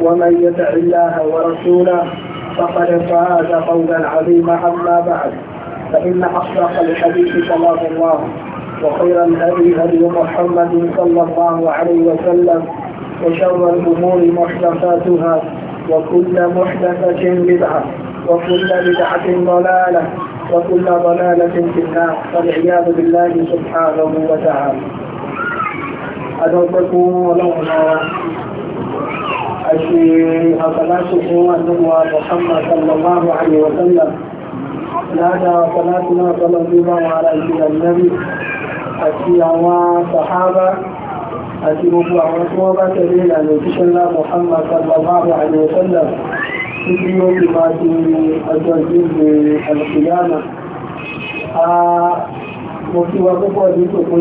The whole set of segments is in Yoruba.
ومن يطع الله ورسوله فقد فاز قولا عظيما أما بعد فإن أصدق الحديث كلام الله وخير الهدي هدي محمد صلى الله عليه وسلم وشر الأمور محدثاتها وكل محدثة بدعة وكل بدعة ضلالة وكل ضلالة في النار والعياذ بالله سبحانه وتعالى أدركم ولولا أشي صلاته هو محمد صلى الله عليه وسلم نادى صلاتنا صلى الله على النبي أشي صحابة أشي مبوع مصوبة كبيرة لتشهد محمد صلى الله عليه وسلم في يوم ما في التنزيل القيامة mo kí wa púpọ̀ ní tòkó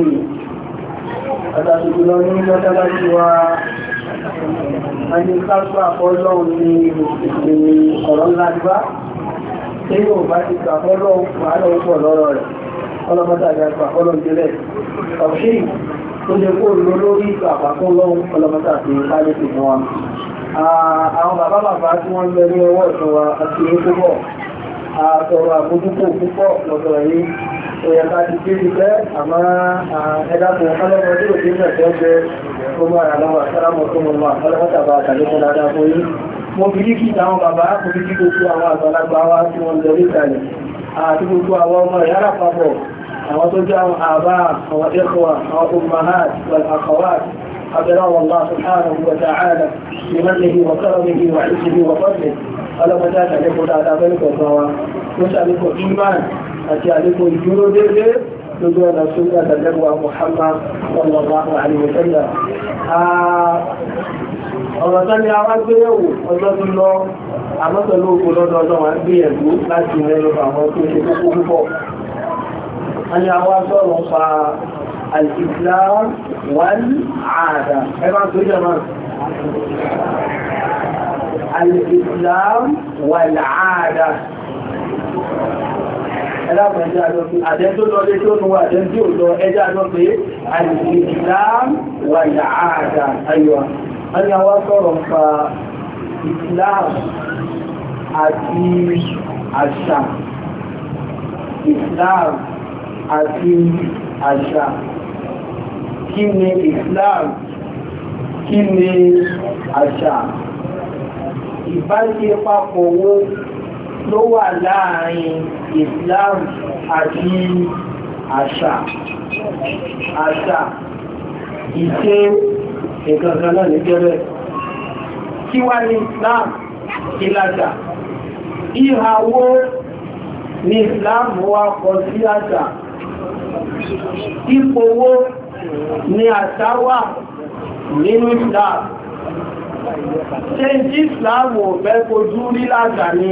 yìí ẹni káṣọ́ àfọ́lọ́run ní ọ̀rọ̀ ńlá gbá tí yóò bá ti gbàfọ́lọ́run wàhálà ó pọ̀ lọ́rọ̀ rẹ̀ ọlọ́mọdé àgbà gbàfọ́lọ́run jẹ́lẹ̀ ọ̀ṣì tó lè kó lọ lórí ìgbàfọ́lọ́run ọlọ́mọdé àti ìpálẹ̀ ti fún wa àwọn bàbá bàbá tí wọ́n lọ ní ọwọ́ ìṣọ́wa àti ìpúpọ̀ àtọ̀rọ̀ àbójútó púpọ̀ lọ́dọ̀ yìí ẹ̀yà láti gbé ìfẹ́ àmọ́ ẹ̀dàkùn ọlọ́mọdé òdínà tó jẹ́ gbogbo ara lọ́wọ́ sáramọ̀ tó mọ̀ wà fọ́lọ́pọ̀tà bá tàbí kọ́ dáadáa fún yín mo fi ní kí táwọn bàbá kò fi kí gbogbo àwọn àgbàlagbà wa tí wọ́n lọ níkàlẹ̀ àti gbogbo àwọn ọmọ ìyá lápapọ̀ àwọn tó jẹ́ àwọn àbá àwọn ẹ̀kọ́ àwọn ummahat wal akhawat أبلغ الله سبحانه وتعالى بمنه وكرمه وعزه وفضله ألا فتاة لكم على ذلك وسوى نسألكم إيمان أتي عليكم جنود lójú ọ̀nà sunna tàbẹ́wà Muhammad sallallahu alaihi wa sallam ọ̀rọ̀ tán ni a wá gbé yẹ̀wò ọjọ́ tó lọ àmọ́ pẹ̀lú ogun lọ́dọọdọ́ wa gbé ẹ̀dú láti mẹ́rin àwọn tó ṣe kókó púpọ̀ a ní àwọn sọ̀rọ̀ pa al-Islam wal ààdà tó jẹ máa al-Islam wal ẹ̀lápọ̀ ẹjá lọ pé àdẹ́ tó lọ lé tó nù àdẹ́ tí ò lọ ẹjá lọ pé al-islam wà ìyà àádà ayọ̀wà ẹni àwọn sọ̀rọ̀ àti àṣà kí ni islam kí ni àṣà ìbáṣepapọ̀ wo ló wà láàrin Islam àti àṣà àṣà ìṣe ìkankan náà ní jẹ́rẹ̀ kí wá ní Islam ìlàjà ìhàwó ní Islam wá kọ sí àṣà ìpòwó ni àṣà wà nínú Islam ṣe ìsìláàmù ọ̀fẹ́ kojú rí láṣà ni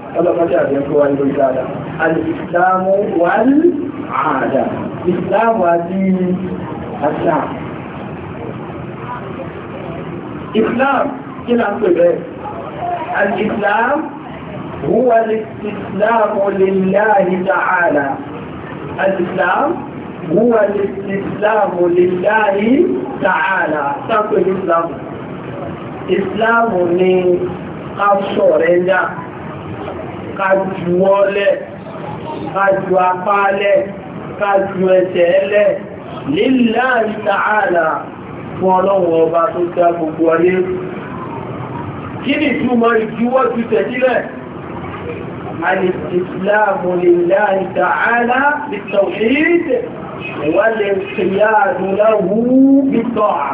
الإسلام والعادة الإسلام والدين الإسلام إسلام كلا الإسلام هو الاستسلام لله تعالى الإسلام هو الاستسلام لله تعالى تقول الإسلام إسلام من قصور ká ju wọ́n lẹ̀ ká ju apá lẹ̀ ká ju ẹsẹ̀ lẹ̀ lillahi ta'ala fún ọlọ́run ọba tó dá gbogbo ayé kí ni túmọ̀ ìjúwọ́ ju tẹ̀sílẹ̀ الإسلام لله تعالى بالتوحيد والانقياد له بالطاعة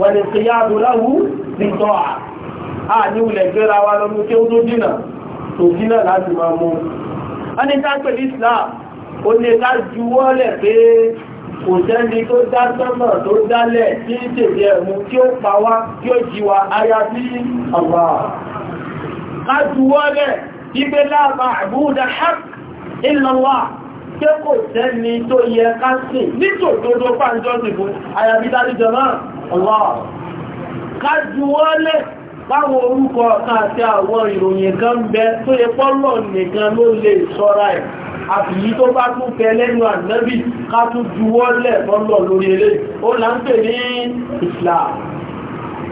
والانقياد له بالطاعة a ní ilẹ̀ gbéra wa lọ́nà tí ó tó dínà tòbí náà láti máa mú wọ́n ní ká pẹ̀lú Islam ó ní ká juwọ́lẹ̀ pé kò sẹ́ni tó dá sọ́mọ̀ tó dálẹ̀ tí ń tèmi ẹ̀mú tí ó pa wá tí ó jí wa aya sí àwà ká juwọ́lẹ̀ ibẹ̀ láàbà àbúrúdà hak ìlànwà pé kò sẹ́ni tó yẹ ká sìn nítòdodo pàǹjọ́ láwọn orúkọ ọ̀kan àti àwọn ìròyìn kan bẹ tó yẹ pọ́lọ̀ nìkan ló lè sọ́ra ẹ̀ àfìyí tó bá tún fẹ́ lẹ́nu ànábì ká tún juwọ́lẹ̀ pọ́lọ̀ lórí eré ó là ń pè ní Islam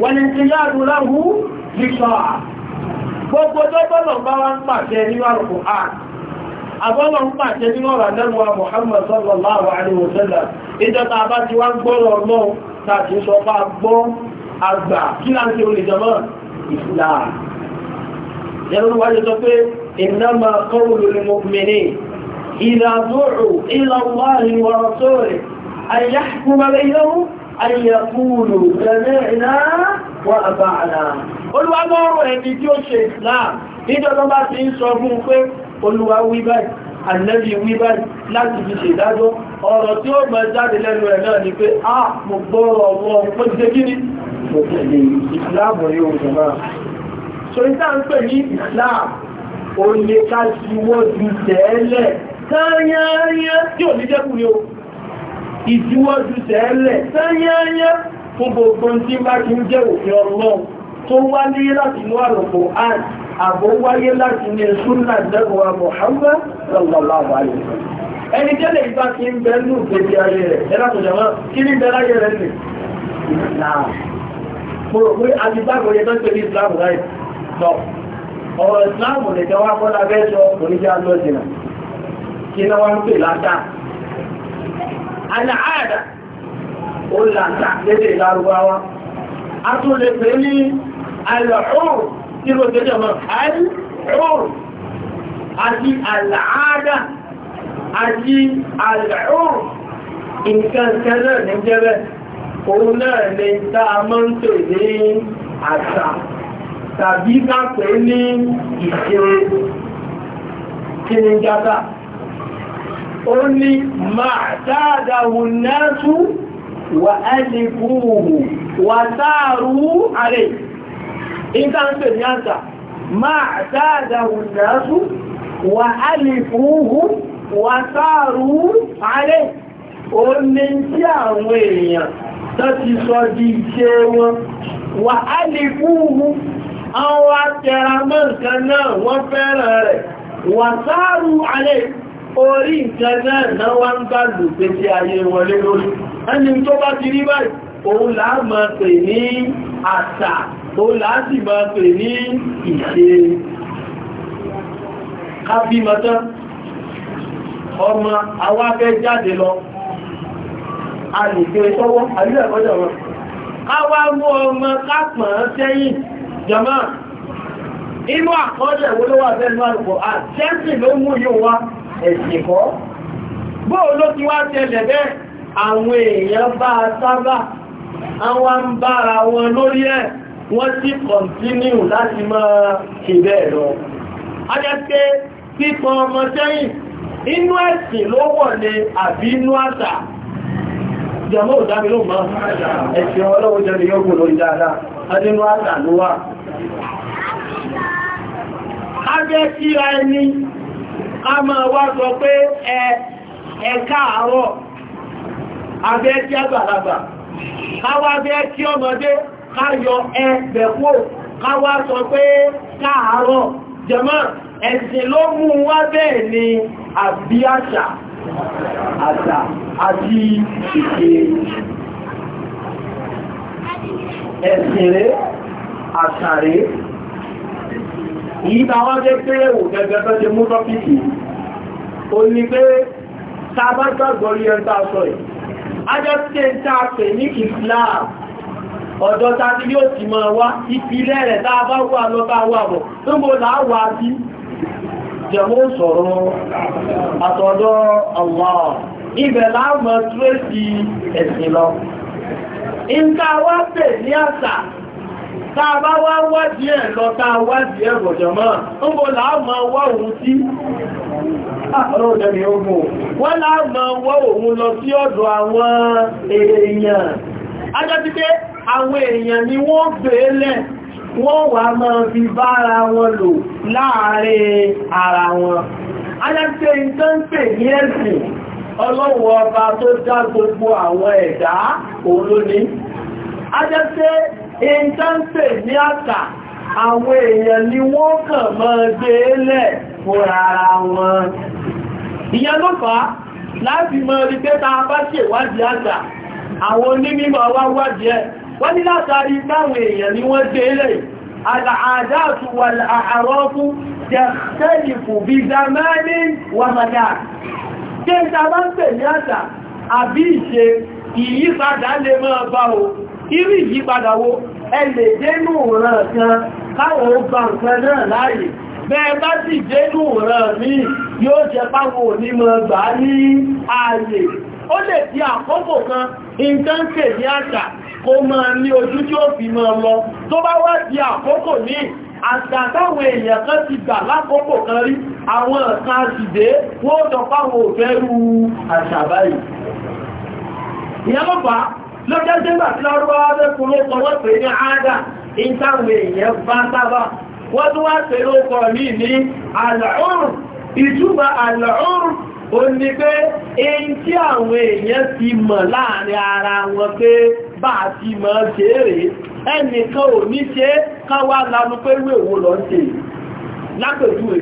wọ́n ti yáàrù láhú nípa gbogbo tó bọ́lọ̀ bá wá ń pàṣẹ nínú àrùkù àn àbọ́lọ̀ ń pàṣẹ àgbà kí láti olè jọmọ́ Islam yẹnu wá lè sọ pé innama qawlu lil mu'minin idha du'u ila Allahi wa rasulihi an yahkuma baynahum an yaqulu sami'na wa ata'na olùwàgbọ́rọ̀ tí ó ṣe Islam nítorí ànẹ́bí wí báyìí láti fi ṣe ìdájọ́ ọ̀rọ̀ tí ó mọ̀ jáde lẹ́nu ẹ̀ náà ni pé a mo gbọ́rọ̀ wọn pé ti ṣe kíní mo tẹ̀lé ìsìláàmù yóò jẹ ìjúwọ́jú tẹ́ẹ̀lẹ̀ tányányá fún gbogbo tí bá ti ń jẹ́ òfin ọlọ́run tó wáyé láti inú àrùkù àn àbò wáyé láti ní ṣúnà lẹ́gbọ̀wà Muhammad sallallahu alaihi wasallam ẹni tẹ́lẹ̀ ìgbà kí ń bẹ ní òkèdè ayé rẹ̀ ẹ̀rọ tó jẹmọ́ kí ní bẹ láyé rẹ̀ nì náà mo rò pé alìbáàbò yẹ tọ́jú ní Islam láì lọ ọ̀rọ̀ Islam lè jẹ́ wá kọ́ lábẹ́ sọ oníjà lọ́jìnà kí náà wá ń pè látà àlàáàdà ó làtà lédè Lárúbáwá a tún lè pè ní alọ́rùn tí ó gẹ́gẹ́ mọ́ alọ́rùn àti àlàádá àti alọ́rùn nǹkan kẹ́lẹ̀ ní jẹ́rẹ́ òun náà lè tá a mọ́ ń tè ní àṣà tàbí kápẹ́ ní ìṣe kí ó ní máa dáadáa náà tún wà ẹ́ lè ìta ń pè ní àṣà máa dáadáa ìdású wà alìfúhù wà sáàrù alẹ́ o ní tí àwọn èèyàn tó ti sọ di ṣe wọn wà alìfúhù àwọn atẹ́ramọ́ nǹkan náà wọ́n fẹ́ràn rẹ̀ wà sáàrù alẹ́ orí nǹkan náà náà wá ń bá lùgbé tí ayé wọlé lórí ẹni tó bá ti rí báyìí òun làá mọ̀ pè ní àṣà tó láti máa pè ní ìṣe kábímọ́tán ọmọ awáfẹ́ jáde lọ a lè gbé e sọ́wọ́ àríwẹ̀ e ọjọ́ wọn káwá mú ọmọ kápọ̀ sẹ́yìn jọmá inú àkọọ́lẹ̀ wo ló wà bẹ́ẹ̀ lọ́rùkọ́ àtẹ́sì ló mú yóò wá ẹ̀sìn kọ́ bóò ló ti wá tẹ́lẹ̀ àwọn èèyàn bá sábà àwọn ń bára wọn lórí ẹ̀ wọ́n tí kọ̀ntínú láti máa ṣe bẹ́ẹ̀ lọ. a jẹ́ pé pípọ̀ ọmọ sẹ́yìn inú ẹ̀sìn ló ní àbí inú àtà. jẹmọ́ òdámi ló máa ẹ̀sìn ọlọ́wọ́ jẹ́ ìyọ́gùn lórí jẹ́ ọmọdé káyọ ẹgbẹ̀kó káwá sọ pé káàárọ̀ jẹmọ́ ẹ̀sìn ló mú wá bẹ́ẹ̀ ni àbí àṣà àṣà àti ìṣe ẹ̀sìn rẹ̀ àṣà rẹ̀ ìyíta wá jẹ́ pé ẹ̀wò gẹ́gẹ́ tó ṣe mú tọ́pìtì o ní pé tàbátàgbọ́rí ẹ̀ntà sọ ẹ̀ ajọ́ tí ẹ̀ntà ọ̀dọ́ ta tí yóò ti máa wá ìpìlẹ̀ rẹ̀ tàà bá wà lọ bá wà bọ̀ tó mọ́ láàwà bí jẹmọ́ sọ̀rọ̀ àtọ̀dọ̀ Allah ibẹ̀ láàmọ́ tírẹ́sì ẹ̀sìn lọ ìta wá pè ní àṣà tàà bá wá wádìí ẹ̀ lọ tàà wádìí ẹ̀ bọ̀jọ̀mọ́ tó mọ́ láàmọ́ wá òun sí ah, wọ́n láàmọ́ wọ́ òun lọ sí ọ̀dọ̀ àwọn èèyàn ajọ́ ti pé àwọn èèyàn ni wọ́n bèélẹ̀ wọ́n wà máa fi bára wọn lò láàárín ara wọn ajọ́ ti pé nǹkan pè ní ẹ̀sìn ọlọ́wọ́ ọba tó dá gbogbo àwọn ẹ̀dá òun ló ní ajọ́ ti pé nǹkan pè ní àṣà àwọn èèyàn ni wọ́n kàn máa gbèélẹ̀ fúnra ara wọn ìyẹn ló fà á láti mọ ibi pé ta bá ṣèwádìí àṣà àwọn onímọ̀ wá wájẹ́ wọ́n ní látàrí táwọn èèyàn ni wọ́n dé ilẹ̀ al'adáàtù wà àrọ́fú tẹ́lifù bí zamani wà mọ̀dá kí n ta bá ń pè ní àṣà àbí ìṣe ìyípadà lè máa bá o irú ìyípadà wo ẹ lè dénú bẹ́ẹ̀ bá sì dénú ràn míì yóò jẹ páwọn onímọ̀ gbà ní ààyè ó lè di àkókò kan nǹkan pè ní àṣà kó máa ní ojú tí ó fi máa lọ tó bá wá di àkókò ní àṣà táwọn èèyàn kan ti gbà lákòókò kan rí àwọn kan àṣìdé wọ́n jọ fáwọn òfẹ́rú àṣà báyìí ìyẹn ló fà lọ́jọ́ jẹ́gbà wọ́n pè wá pè ló kọ̀ ní ní àlàórùn ìjúbà àlàórùn ó ní pé èyí tí àwọn èèyàn ti mọ̀ láàrin ara wọn pé bá a ti mọ̀ ṣeré ẹnìkan ò ní ṣe káwà lánú pé ìwé òwò lọ ṣe lápẹ̀júwe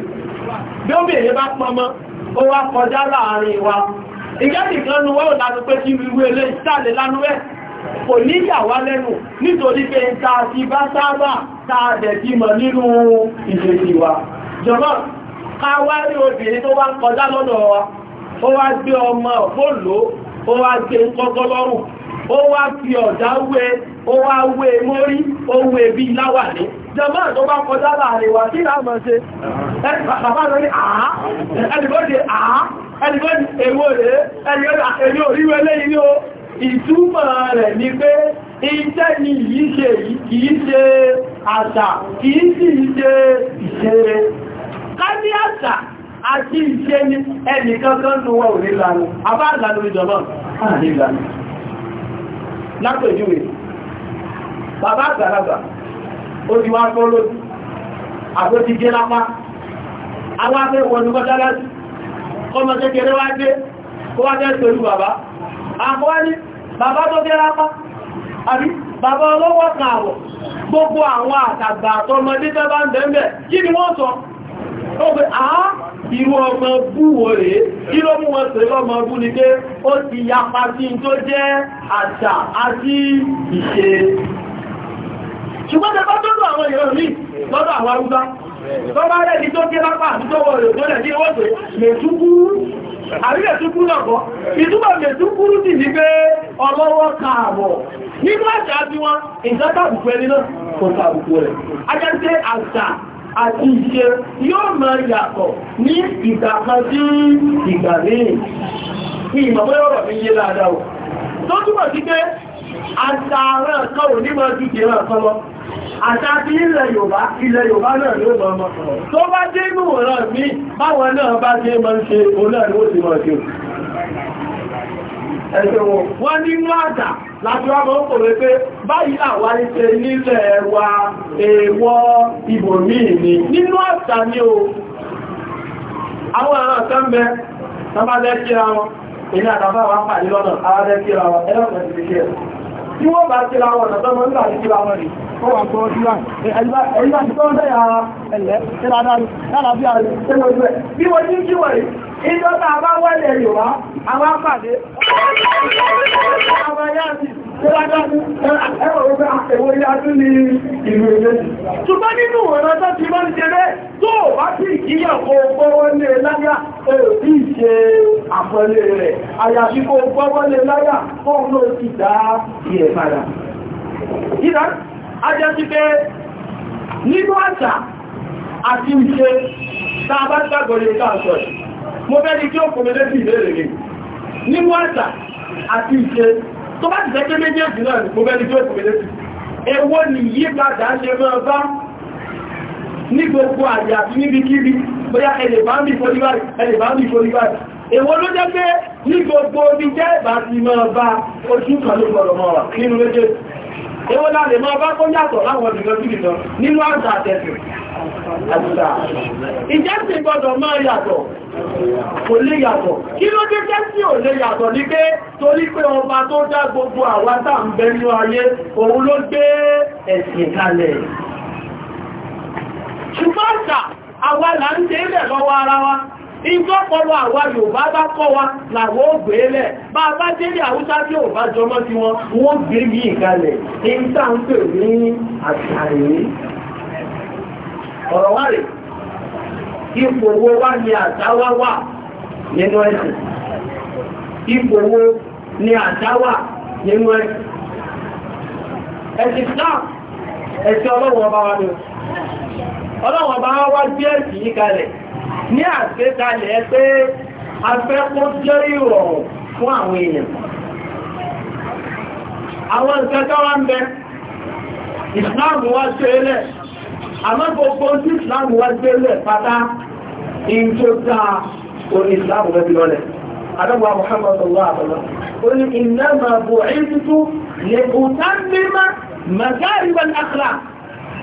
bí ó bèèrè bá pọmọ ó wá kọjá láàrin wa ìjẹ́ nìkan nu wọ́n lánú pé kí ìwé ilé ìsàlẹ̀ lánú ẹ̀ kò ní yàwá lẹ́nu nítorí pé ta ti bá sábà ta dẹ̀ ti mọ̀ nínú ìṣèjì wa jọmọ́ ká wá rí obìnrin tó wá ń kọjá lọ́dọ̀ wa ó wá gbé ọmọ òpólò ó wá gbé kọ́kọ́ lọ́rùn ó wá fi ọ̀dá wé ó wá wé e mórí ó wé e bí láwàní jẹmọ́ tó bá kọjá láàrin wa kí láàmà ṣe bàbá ní àṣà àti ìṣe ni ẹnìkan kan ní wọ́n òní lánà àbá ìlànà ìjọba àní ìlànà lápẹjúwe bàbá àgbàlagbà ó ti wá lápá àwọn ọmọ gbé bàbá ní bàbá gbogbo àwọn àtàgbà àtọmọdé tẹ́bá ń kí ni wọ́n sọ ó pé a, ìwọ ọmọ bú wo rèé kí ló mú wọn pẹ̀lú ọmọ bú ni pé ó ti yapa sí tó jẹ́ àṣà àti ìṣe ṣùgbọ́n tẹ́kọ́ tó lọ àwọn ìran mi lọ́dọ̀ àwọn arúgbá tó bá rẹ̀ ní tó gé lápá àtúntọ́wọ́ rẹ̀ tó rẹ̀ ní owó pé mẹ̀túkú àríyẹ̀ túkú lọ́kọ́ ìtúbọ̀ mẹ̀túkú sì ní pé ọlọ́wọ́ kààbọ̀ nínú àṣà tí wọ́n ìjọ́tàbùkú ẹni àti ìṣe yóò máa yàtọ̀ ní ìgbàkan sí ìgbà mìíràn kí ìmọ̀mọ́ ọ̀rọ̀ mi yé dáadáa o tó túmọ̀ sí pé àtàrà kan ò ní máa ju kìíràn kan lọ àtàbí ilẹ̀ Yorùbá ilẹ̀ Yorùbá náà ló mọ̀ ọmọ tó bá dé inú ọ̀rọ̀ mi báwọn náà bá dé máa ń ṣe òun náà ni ó wọ́n ní máàdà láti wá mọ́ pòrò pé báyìí nílẹ̀ wa èèwọ̀ ibòmíì ni nínú ni o àwọn àwọn àkànbẹ tàbálẹ́ wọn èyí àtàbà wá pàdé lọ́nà àwádẹ́ wọn tí wọ́n bá ti láwọn ọ̀nà tọ́mọ́ nígbà tí láwọn rí wọ́n wà tó ọdún láì ẹ̀yà tí tọ́ dẹ̀yà ẹ̀lẹ́ tẹ́ládárí lálàáfíà rẹ̀ tẹ́lọ ìwẹ̀ bí wọ́n tí kí wọ̀rí ìjọba àbáwọ̀lẹ̀ yòwá àwọn apàdé Ṣùgbọ́n nínú ọ̀rọ̀ tó ti máa ń jẹrẹ tó bá e tí ìkíyàwó gbọ́wọ́lé láyá èbí ṣe àpẹẹlẹ rẹ̀. Àyàfi kó gbọ́wọ́lé e láyá fún ló ti dá ìẹ̀ padà. Ìdá, a jẹ́ ti pé nínú àṣà àti ìṣe tàbá tó bá ti jẹ́ pé méjèèjì náà mo bẹ́ni tó èkùnlé sí ewó ni yí padà ṣe máa bá ní gbogbo àyà àti níbi kíbi bóyá ẹlẹ̀bàmì foríbàrì ẹlẹ̀bàmì foríbàrì ewó ló jẹ́ pé ní gbogbo omi jẹ́ ìbá ti máa bá ojú kan ló gbọ́dọ̀ mọ́ wà nínú méjèèjì Ewó láàrin máa bá kó yàtọ̀ láwọn ìgbìyàn sí ìjọ nínú àṣà àtẹ̀sì. Àṣà. Ìjẹ́sìn gbọdọ̀ máa yàtọ̀, kò lè yàtọ̀. Kí ló dé jẹ́sìn ò lè yàtọ̀ ní pé torí pé ọba tó dá gbogbo àwátà ń bẹ ní ayé, òun ló gbé ẹ̀sìn kalẹ̀. Ṣùgbọ́n àṣà, àwa ń tẹ́lẹ̀ lọ́wọ́ ara wa. ìjọ pọ̀lọ awa Yorùbá bá kọ́ wa làwọ́ ògbèélẹ̀ bá bá jẹ́lẹ̀ àwúsá tí ò bá jọmọ́ sí wọn wọ́n gbé bí ìkalẹ̀ ìta ń pè ní ní àtàwà wà nínú wá jẹ́ ẹ̀sìn yíkalẹ̀ ní àgbékalẹ̀ pé afẹ́kún jẹ́ ìrọ̀rùn fún àwọn èèyàn àwọn ìfẹ́kọ́ wá ń bẹ ìsìláàmù wá ṣe lẹ̀ àmọ́ gbogbo tí ìsìláàmù wá ṣe lẹ̀ pátá in tó dáa orí ìsìláàmù rẹ̀ bí lọ́lẹ̀ adọ́gbà Muhammad sallallahu alaihi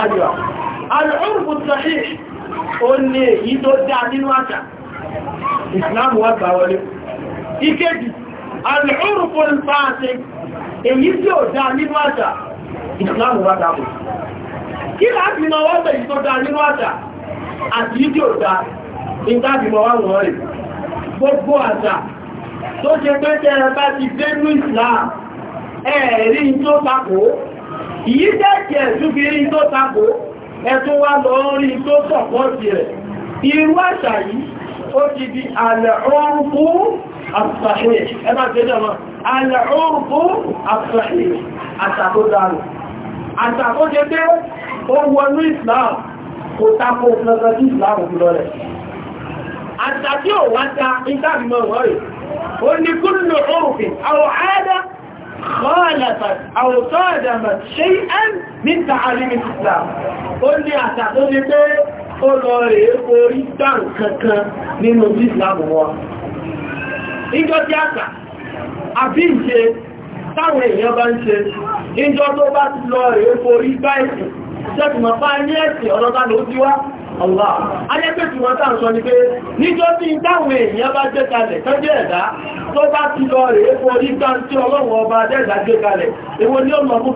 ayọ̀ alùrùkù o ó ní tó dá nínú àṣà Islamu wà gbà wọlé ìkéjì alùrùkù pàṣẹ èyí tí ó dá nínú àṣà ìsìláàmù wà gbà wọlé kí láti mọ wọ́n bẹ̀ yìí tó dá nínú àṣà àti ìdí ò dá ìgbàdì mọ wọ́n wọ́n rẹ̀ gbogbo àṣà tó ṣe pẹ́ tẹ́rẹ bá ti dé ní ìsìláàmù ẹ̀ẹ̀rí tó pàkó Ìyí jẹ́kẹ̀ ẹ̀sùn fi rí tó tako, ẹ̀tún wá lọ rí tó sọ̀pọ̀ sí rẹ̀. Irú àṣà yìí, ó ti di àlẹ̀ọ́rùkú àṣàṣẹ́ ẹ̀bá tẹ́ jẹ́ wọn, àlẹ̀ọ́rùkú àṣàṣẹ́ àṣàkódàrù. Àṣàkójẹ́ pé ó wọnú Islam, kò tako ọ̀pọ̀lọpọ̀ rẹ̀. Àṣà tí ó wá ta, ìtàbí mọ́ خالفت أو صادمت شيئا من تعاليم الإسلام ó ní àṣà tó ní pé ó lọ rẹ̀ orí dán kankan nínú Islam wa ìjọ tí àṣà àbí ìṣe táwọn èèyàn bá ń ṣe ìjọ tó bá ti lọ rẹ̀ orí báyìí ṣẹ́kùnmọ̀ bá ní ẹ̀sìn ọ̀dọ́ta ló ti wá Allah ayẹ́gbẹ́ tí wọ́n tàà sọ ní pé níjọ́ tí ń dáwọn èèyàn bá jẹ́ kalẹ̀ tó jẹ́ ẹ̀dá tó bá ti lọ rẹ̀ epo orí gbá tí ọlọ́run ọba dẹ́ẹ̀dá jẹ́ kalẹ̀ èwo ni ó mọ̀ ló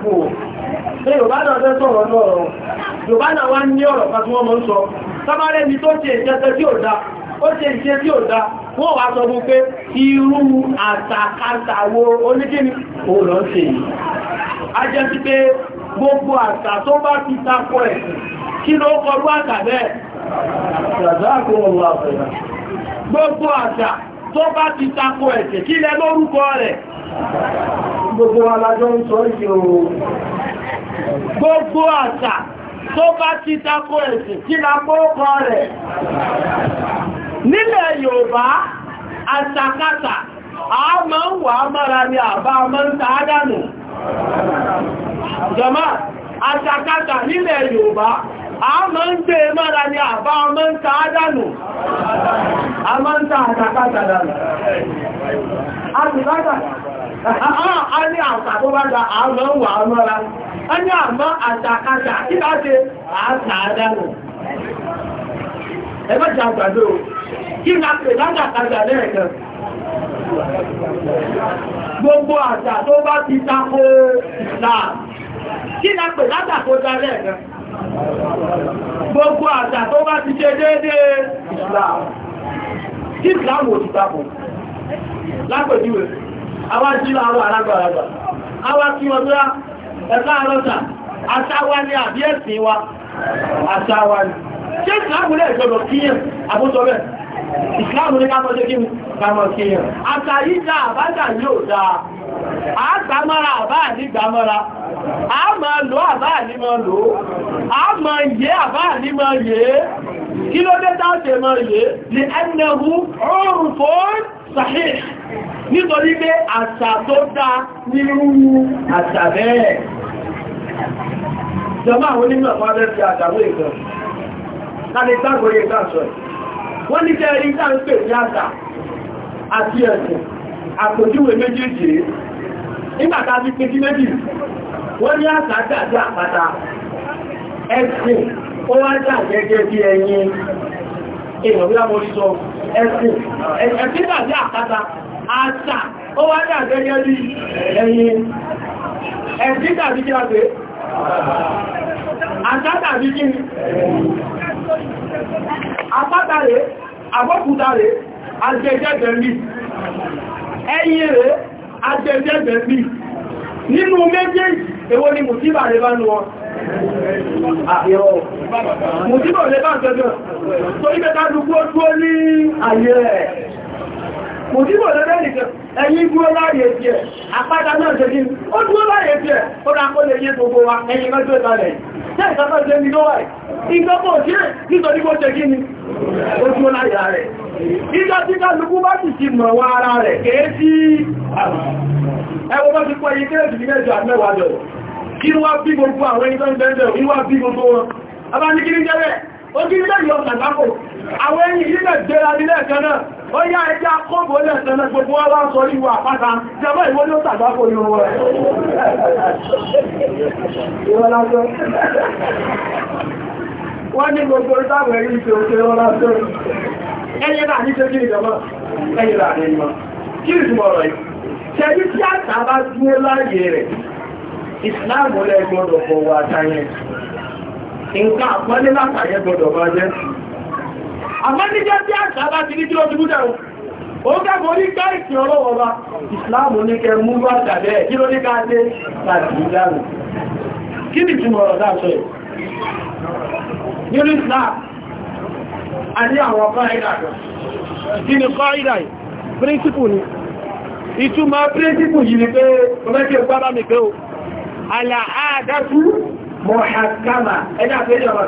gbọdọ̀ Yorùbá náà wá ní ọ̀rọ̀ kan ń sọ sábàrẹ́ni tó ṣe ìjẹta tí ò dáa ó ṣe ìṣe tí ó dá wọ́n wá sọ fún pé irú àtàkàtàwò oníkíní ò lọ ṣe yìí a jẹ́ sí pé gbogbo àtà tó bá ti takọ ẹ̀ kí ló kọrú àtà bẹ́ẹ̀ gbogbo àtà tó bá ti takọ ẹ̀ṣẹ̀ kí lẹ lórúkọ rẹ̀ gbogbo alájọ́ ń sọ ìṣòro gbogbo àtà tó bá ti tako ẹ̀sìn kí la mọ́ọ̀kọ́ rẹ̀ nílẹ̀ Yorùbá àtàkátà a máa ń wà mọ́ra ní àbá mọ́ ń tàádànù jọmọ́ àtàkátà nílẹ̀ Yorùbá a ma ń gbé e mọ́ra ní àbá ọmọ ń ta ádánù a ma ń ta àtàkàtà dánù a ti bátà a ní àtàkó bá da a ma ń wà mọ́ra a ní àmá àtàkàtà kí bá ṣe àtà ádánù ẹgbẹ́ ti àgbàdo kí ní gbogbo àtà tó bá ti tako ìlà kí ní látàkó dá lẹ́ẹ̀kan gbogbo àjà tó bá ti ṣe Islam Islam ò ti tapọ̀ lápẹ̀júwẹ̀ àwa jí kí wọn tó ẹ̀ká àrọ́ta àṣà wa àbí ẹ̀sìn wa Islam kíyàn ní kámọ́ ṣe kí mú kámọ́ kíyàn a máa lò àbá ní máa lò a máa yẹ àbá ní máa yẹ kí ló dé táàtẹ̀ máa yẹ lè ẹnẹ̀hú ọrùn fún sahih nítorí pé àṣà tó dá nírú àṣà bẹ́ẹ̀ jọmọ́ àwọn onímọ̀ fún abẹ́ fi àṣàwé ìkan láti tágbòrí ìkan sọ wọ́n ní jẹ́ ìta ń pè ní àṣà àti ẹ̀sùn àpòjúwe méjèèjì nígbàtà ti pé sí méjì wọ́n ní àtàkà sí àpáta ẹ̀sìn ó wá jà gẹ́gẹ́ bí ẹyin èèyàn bí wọ́n sọ ẹ̀sìn ẹ̀sìn tàbí àpáta àṣà ó wá jà gẹ́gẹ́ bí ẹyin ẹ̀sìn tàbí kí a pè àṣà tàbí kí àpáta rẹ̀ àbọ́kúta rẹ̀ àjẹjẹ́bẹ̀ mí ẹyin rẹ̀ àjẹjẹ́bẹ̀ mí nínú méjèèjì èwo ni mùsíbà rẹ̀ bá ń wọn àyẹ̀wò mùsíbà rẹ̀ bá ń tọ́jọ́ torí pé ká dúgbò dúró ní àyè rẹ̀ mùsíbà rẹ̀ bẹ́ẹ̀ nìkan ẹ̀yìn dúró láàyè tiẹ̀ àpáta náà ṣe kí ó dúró láàyè tiẹ̀ ó dá kó lè yé gbogbo wa ẹ̀yìn mẹ́jọ ìbàlẹ̀ ṣé ìsọ́kọ̀ ṣe ní lọ́wọ́ ìgbọ́pọ̀ sí ẹ̀ nítorí bó ṣe kí ni ó dúró láàyè rẹ̀ ìjọ tí kálukú bá ti ti mọ̀ wọn ara rẹ̀ kéé tí ẹwọ́n bá ti pọ̀ yí kéèkì ní mẹ́jọ àmẹ́wàá jọ kí wá bí gbogbo àwọn ẹni tó ń bí gbogbo wọn abá ní kí jẹ́rẹ̀ gbogbo wọn wá sọ àpáta ẹyẹ náà ní tẹ́jú ìjọmọ́ ẹyẹ náà ní mọ́ kí ìtumọ̀ ọ̀rọ̀ yìí tẹ́jú tí àtà bá dúró láàyè rẹ̀ ìsìláàmù lẹ́ gbọ́dọ̀ fọ wà táyẹn nǹkan àpọ́nlé látàyẹ gbọ́dọ̀ máa jẹ́ àmọ́ níjẹ́ tí àtà bá ti ní kí ló ti búdà o ó kẹ́kọ̀ọ́ ní ká ìsìn ọlọ́wọ́ wa ìsìláàmù ní kẹ mú bá tàbẹ́ kí ló ní ká dé láti ìdáhùn kí ni ìtumọ̀ ọ̀rọ̀ dáṣọ a ní àwọn kọ́ìdà kan kí ni kọ́ìdà yìí príncipù ni ìtumọ̀ príncipù yìí ni pé ọmọ́kẹ́ gbára mi pé o aláàdátú mọ̀hàkámà ẹjá pé jọba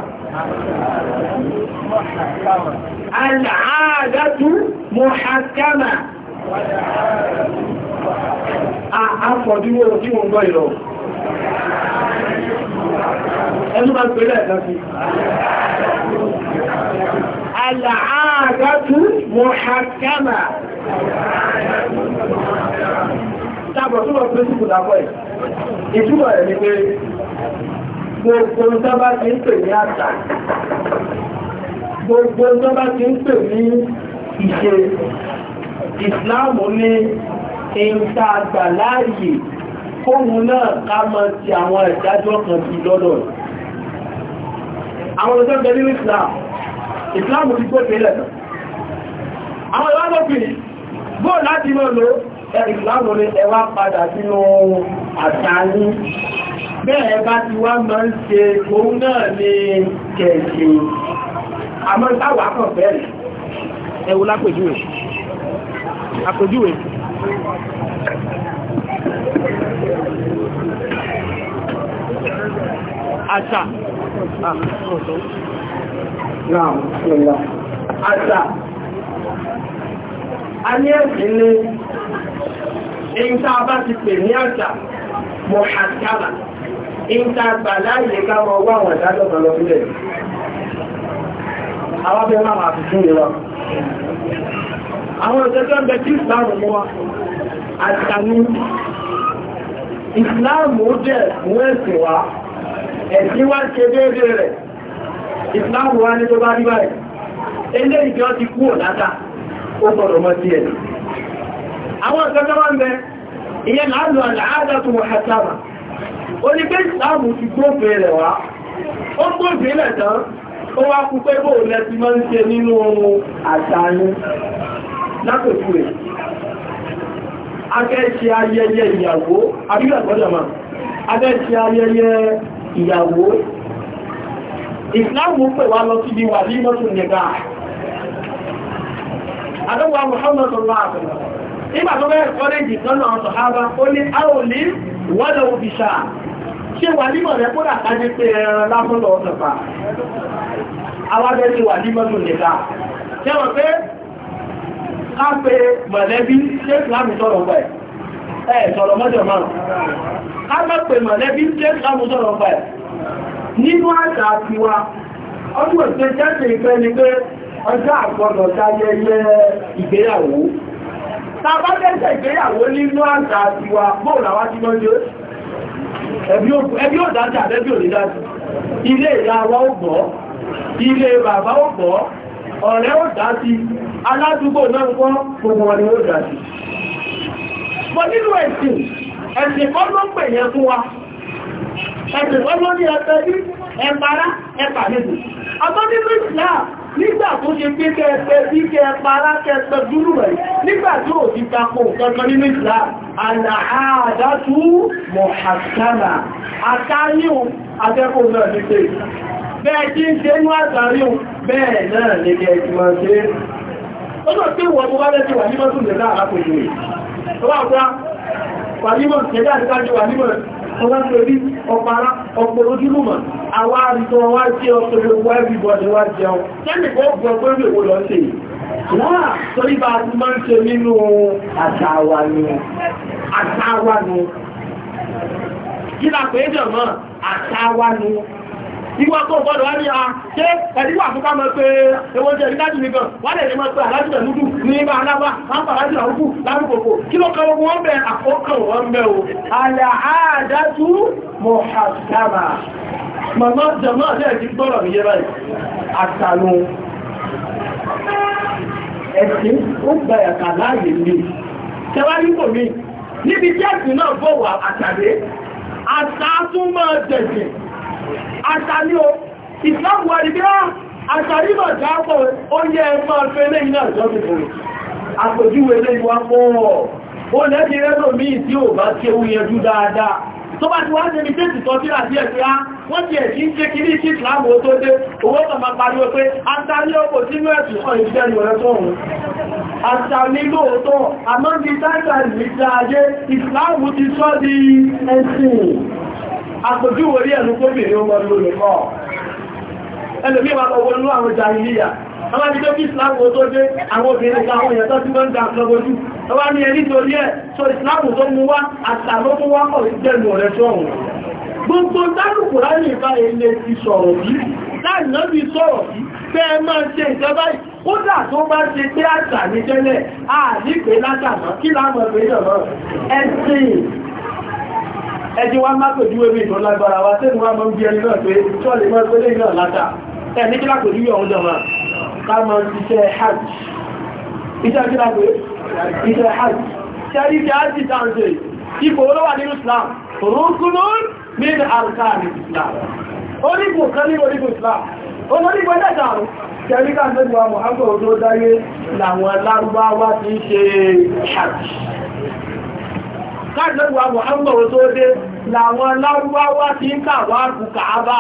aláàdátú mọ̀hàkámà àfọ̀dúwò tí wọ́n gbọ́ ìrọ̀ ẹnu bá pẹ̀lú ẹ̀dá sí àlàáàdájú mọ̀hákámà tábọ̀ tó lọ pé síkù dápọ̀ ẹ̀ ìtúbọ̀ ẹ̀ ní pé gbogbo sábà ti ń pè ní àṣà gbogbo sábà ti ń pè ní ìṣe ìsìláàmù ní ìta láàyè kóhun náà ká mọ́ ti àwọn ìdájọ́ kan sí lọ́dọ̀ àwọn ọjọ́ gẹ̀lú Islam Islam ti gbé pẹ̀lẹ̀ àwọn ìwádọ́pìn bóò láti mọ́ lọ Islam ní ẹwà padà sínú àtàní bẹ́ẹ̀ bá ti wá mọ́ ń ṣe òun náà ní kẹ̀ẹ̀kì àmọ́ táwà kan bẹ̀rẹ̀ ẹwù Acha! àṣà a ní ẹ̀sìn ní ìta bá ti pè ní àṣà mọ̀ àṣàlà ìta gbà láìlé ká mọ wá àwọn ìdájọ́ kan lọ sílẹ̀ àwọn abẹ́ máa máa fi fún Acha ní ìsìláàmù jẹ́ fún ẹ̀sìn wa ẹ̀sìn wá ṣe déédé rẹ̀ ìsìláàmù wá ní tó bá rí báyìí ilé ìjọ ti kú ọ̀láta ó gbọ́dọ̀ mọ́ sí ẹ̀ àwọn ìkọjọ́ wá bẹ ìyẹn láàrù àlàáda tó wọ́n hàtàmà ó ní pé ìsìláàmù ti gbófin rẹ̀ wá akẹ́ẹ̀ṣe ayẹyẹ ìyàwó abígbàgbọ́dàmà akẹ́ẹ̀ṣe ayẹyẹ ìyàwó ìsìláàmù pè wá lọ síbi wà ní mọ́tò nìgbà adọ́wà muhammadu láàrín nígbà tó bẹ́ẹ̀ kọ́lẹ́jì sọ́nà ọ̀sọ̀hára ó ní áòlì wọ́dọ̀ òfìṣà ṣe wà nímọ̀ rẹ̀ kó dàkájí pé ẹran láfọ́lọ̀ ọ̀sọ̀pá awábẹ́ ti wà ní mọ́tò nìgbà káàpẹ mọ̀lẹ́bí ṣe ìsìlámù sọ̀rọ̀ ọ̀pẹ̀ ẹ̀ sọ̀rọ̀ mọ́jọ̀ máa káàpẹ mọ̀lẹ́bí ṣe ìsìlámù sọ̀rọ̀ ọ̀pẹ̀ nínú àṣà àti wa ọdún òṣè jẹ́sẹ̀ ìfẹ́ ni pé ọjọ́ àgbọ̀dọ̀ sáyẹyẹ ìgbéyàwó tàbá tẹ́sẹ̀ ìgbéyàwó nínú àṣà àti wa bóòlù àwá tí wọ́n jẹ́ ẹbí ò dájú àbẹ́bí ò ní dájú ilé ìyá wa ó gbọ́ ilé bàbá ó gbọ́ ọ̀rẹ́ ó dá aládùúgbò náà ń wọ́n gbogbo wọn ni ó dà sí. mo nílò ẹ̀sìn ẹ̀sìn kan ló ń pè yẹn fún wa ẹ̀sìn kan ló ní ẹ̀sẹ̀ bí ẹ̀pàrá ẹ̀pà níbi. àmọ́ nínú Islam nígbà tó ṣe pé kẹ́ẹ̀pẹ́ bí kẹ́ẹ̀pàrá kẹ́ẹ̀pẹ́ dúró rẹ̀ nígbà tó ò ti tako kankan nínú Islam àlàáàdátú mọ̀hàtánà àtàríhùn akẹ́kọ̀ọ́ náà ní pé bẹ́ẹ̀ tí ń ṣe inú àtàríhùn bẹ́ẹ̀ náà ní kẹ́ẹ̀kì máa ṣe ọjọ́ tí wọ́n tó bá lẹ́sí wà nímọ̀ tún lẹ́dá àrápòjò rẹ̀ tó bá wá wà nímọ̀ lẹ́dá àríkájú wà nímọ̀ ọlọ́pẹ̀lú ọpàá ọpọ̀ ojúlùmọ̀ àwọn àrìsọ wá jẹ́ ọpẹ̀lú wá everybody wá jẹun kẹ́mìkọ́ ọgbọ̀n pẹ̀lú èwo lọ sí wọ́n torí bá ti máa ń ṣe àtàwà nù ìwà tó gbọ́dọ̀ wá ní a ah, ṣe ẹ̀dígbà fún ká mọ́ pé ewé jẹ́ ìdájú nìkan wà lè mọ́ pé alájú ẹ̀múdù ní ibà aláwà máa ń bà alájú àrúkù lárúkòkò kí ló kọ́ wọn bẹ̀ àkókò wọn bẹ̀ o aláàdájú mọ̀hàdámà màmá jẹ̀mọ́ àdẹ́ ti gbọ́rọ̀ mi yẹ báyìí àtàlù ẹ̀sìn ó gba ẹ̀ka láàyè mi tẹwárí kò mi níbi tí ẹ̀sìn náà bọ̀ wà àtàlẹ́ àtàtúmọ̀ jẹ̀sìn àtàlí o ìsìláàmù wà ní ah, bí á àtàlí bà jápọ̀ oúnjẹ ẹgbà fẹ́lẹ́ iná ìjọ́bìnrin àpòjúwẹ̀ lè wà pọ̀ ó lẹ́bí rẹ́lò míì tí ò bá tí ó yẹjú dáadáa tó bá ti wá ní ibi tẹ́sì tọ́ síra sí ẹ̀sẹ̀ á ah, wọ́n ti ẹ̀sí ń ṣe kí ní ṣí ìsìláàmù ó tó dé owó tọ̀mà pariwo pé àtàlí ọkọ̀ sínú ẹ̀sùn kan ìṣẹ́ ìwọ̀n ẹ̀tọ́ ọ̀hún àtàlí lóòótọ́ àmọ́ ti táìtà ìrìnlẹ̀ ayé ìsìláàmù ti sọ́ di ẹ̀sìn àpòjúwò rí ẹ̀nu tó bèèrè ọmọ lòlùkọ́ ẹlòmí wa ọwọ́ inú àwọn jàìlìyà ọwá ní tó bí ìsìláàmù tó dé àwọn obìnrin káwọn èèyàn tó tí wọ́n ń ga àpọ̀lọ́gbọ́jú ọwá ní ẹni tó rí ẹ̀ so ìsìláàmù tó mú wá àtàlọ́ mú wá kọ̀ ìjẹ́nu ọ̀rẹ́ sọ́run gbogbo dárùkù láyé ìbá ilé ti sọ̀rọ̀ bí láì náà bí sọ̀rọ̀ bí pé ẹ máa ṣe ìjọba kódà tó bá ṣe pé àṣà ní tẹ́lẹ̀ àà nípe látàmọ́ kí láàmọ̀ pé náà ẹ̀sìn ẹjí wá má pè júwé bí ìtọ́lágbára wá tí wọ́n mọ́ bí ẹni náà pé ṣọ́lẹ̀ mọ́ pé lè náà látà ẹ̀ ní kílá pè júwé ọ̀hún jọmọ́ ká mọ́ iṣẹ́ hajj iṣẹ́ kílá pé iṣẹ́ hajj ṣẹ́rí ti hajj tàǹsẹ̀ ipò olówà nínú Islam rúkúnún min alkaani Islam orígun kan ní orígun Islam olórígun ẹ̀dẹ́ta àrùn ṣẹ́rí ká káàdínlẹ́wà mọ̀hánbọ̀rọ̀ tó dé làwọn lárúwáwá ti ń kàwà kù kàábà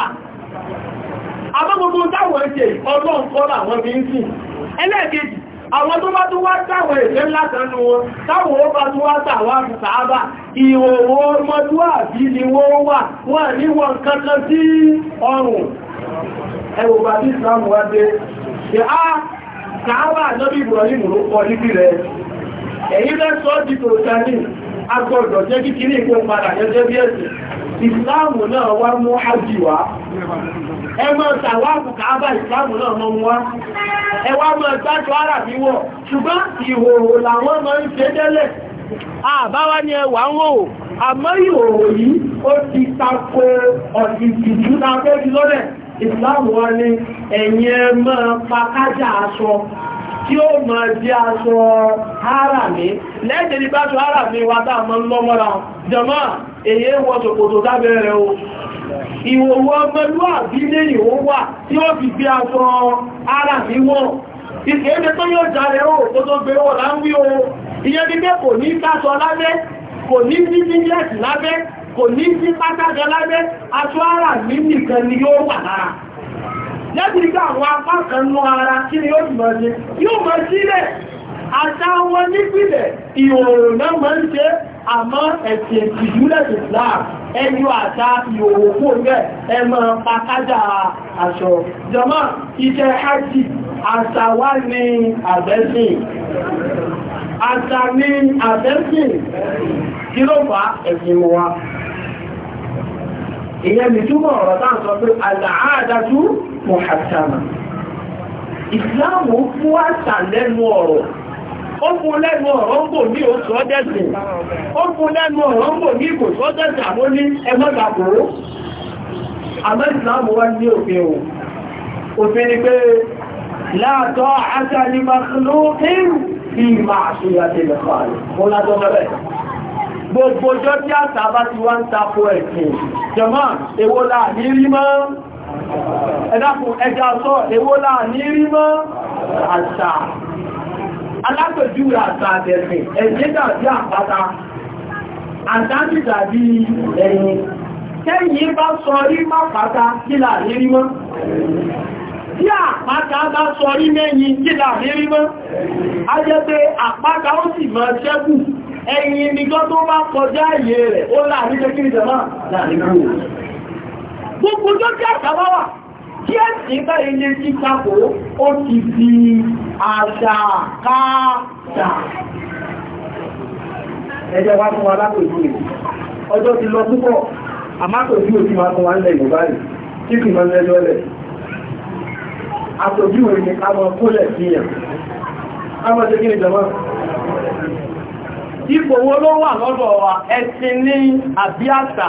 abọ́gbogbo táwọn ètè ọlọ́run kọ́ bí ń sìn ẹlẹ́ẹ̀kejì àwọn tó bá tó táwọn èdè ńlá kanú wọn táwọn ó bá tó ní agbọ́dọ̀ jẹ́ kíkiri ìpò padà gẹ́gẹ́ bí ẹ̀sìn ìsìláàmù náà wá mú àjíwá wá ẹ máa tàwáàbù káàbà ìsìláàmù náà mọ́ wá ẹ wá ara bí ṣùgbọ́n làwọn ń ṣe tẹ́lẹ̀ àbáwá ni ẹwà ń hò àmọ́ ìhòòhò yìí ó ti tako fi tí ó mọ̀ jẹ́ aṣọ ara mi lẹ́jẹ̀ ní bá ṣọ ara mi wá tá mọ́ lọ́mọ́ra jọmọ́ èyí wọ́n ṣòkòtò sábẹ́rẹ̀ o ìwòwò ọmọlúwàbí lè ìwò wà tí ó fi gbé aṣọ ara mi wọ́n ìkéde tó yóò jàrẹ̀ ó tó tó gbé wọ̀ láwí o ìyẹn ní kò ní káṣọ lábẹ́ kò ní sí bíjẹ́sì lábẹ́ kò ní sí pátájọ lábẹ́ aṣọ ara mi nìkan ni yóò wà lára láti rí àwọn apá kan nú ara kí ni ó mọ̀ sí yóò mọ̀ sílẹ̀ àtàwọn nípìnlẹ̀ ìhòòrò náà mọ̀ ń ṣe àmọ́ ẹ̀sìn ìjúlẹ̀ Islam ẹni àta ìhòòrò kó rẹ̀ ẹmọ pàkájà aṣọ jọmọ́ iṣẹ́ hajj àṣà wá ní àbẹ́sìn àṣà ní àbẹ́sìn kí ló fà ẹ̀sìn wa ìyẹn mi túmọ̀ ọ̀rọ̀ táà sọ pé àlàáàdájú mọ̀hàtàmà ìsìláàmù fún àṣà lẹ́nu ọ̀rọ̀ ó fún lẹ́nu ọ̀rọ̀ ń bò ní oṣù ọdẹ́sìn ó fún lẹ́nu ọ̀rọ̀ ń bò ní ìkòṣù ọdẹ́sìn àmó ní ẹgbẹ́gbàgbò àmọ́ ìsìláàmù wá ní òfin o òfin ni pé láàtọ́ àṣà ní maklókin bí máa ṣe àtẹ̀lẹ̀ fààrẹ̀ ó látọ́ mẹ́rẹ̀ gbogbo ọjọ́ tí àṣà bá ti wá ń tako ẹ̀sìn jọmọ́ èwo láàrín rí máa ẹ̀dàkùn ẹja sọ ewó láàrin rí mọ́ àṣà alápẹ̀jú àṣà àtẹ̀sìn ẹ̀yẹ́ dàbí àpáta àṣájì dàbí ẹ̀yìn tẹ́yìn bá sọ rí mọ́ àpáta kí láàrin rí mọ́ tí àpáta bá sọ rí mẹ́yìn kí láàrin rí mọ́ a jẹ́ pé àpáta ó sì mọ́ ṣẹ́kù ẹ̀yìn nìkan tó bá kọjá àyè rẹ̀ ó láàrin jẹ́ gbogbo tó jẹ́ àṣàwà wà tí ẹ̀ sì ń báyìí lè ti tako ó ti di àṣàkáṣà ẹjẹ́ wá fún wa lápòjú rẹ̀ ọjọ́ ti lọ púpọ̀ àmákòjú òfin wa fún wa ń lẹ̀ ìlú báyìí tí kì máa ń lẹ́jọ́ lẹ̀ àtòjú rẹ̀ ni ká mọ kólẹ̀ sí yàn ká mọ ṣe kí ni jọmọ́ ipò wo ló wà lọ́dọ̀ wa ẹ̀sìn ní àbí àṣà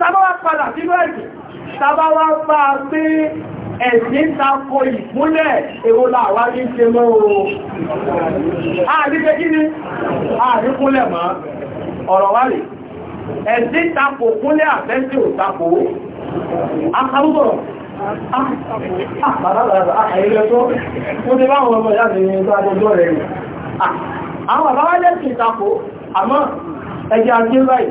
tàbáwà padà sínú ẹ̀sìn tàbáwà bá pé ẹ̀sìn tako ìpúnlẹ̀ èrò làwá ní ṣe mọ́ ooo àdíkẹ́ kí ni àdíkúnlẹ̀ mọ́ ọ̀rọ̀ wà rí ẹ̀sìn tako kúnlẹ̀ àfẹ́sì ò tako akàrúgbọ̀rọ̀ àwọn àbáwá lẹ́sìn tako àmọ́ ẹjẹ́ àjẹ́ báyìí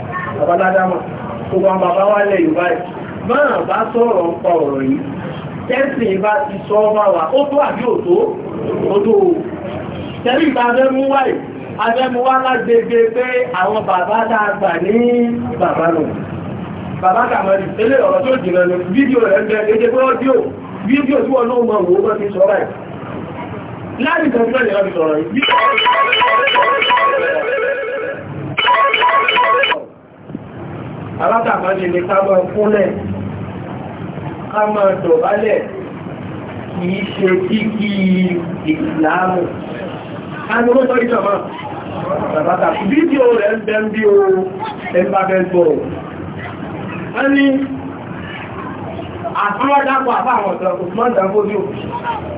bàbá ládámà gbogbo àwọn bàbá wà lẹ̀ yorùbá yìí máa bá sọ̀rọ̀ ń pa ọ̀rọ̀ yìí tẹ́sìn bá ti sọ bá wa ó tó àbí òtó òtó tẹ́lí ìgbà abẹ́mú wà yìí abẹ́mú wà lágbègbè pé àwọn bàbá lágbà ní bàbá nù bàbá kàmọ́lì ilé ọ̀rọ̀ tó jìnà ní fídíò rẹ̀ ń bẹ kéde pé ọ́díò fídíò tí wọ́n náà mọ̀ wò ó bá ti sọ̀rọ̀ yìí láti tẹ̀síwá lè rọ́bì sọ̀rọ̀ yìí alátàmọ́jì ní ká máa fúnlẹ̀ ká máa dọ̀bálẹ̀ kìí ṣe kí kí ìsìláàmù agbóhótọ́ ìjọba bàbátà fídíò rẹ̀ ń bẹ́ ń bí o ẹgbà bẹ́gbọ́ wọ́n ni àfúrọ́dápọ̀ àfáwọn ọ̀tọ̀ òsùmọ́n dàgbójú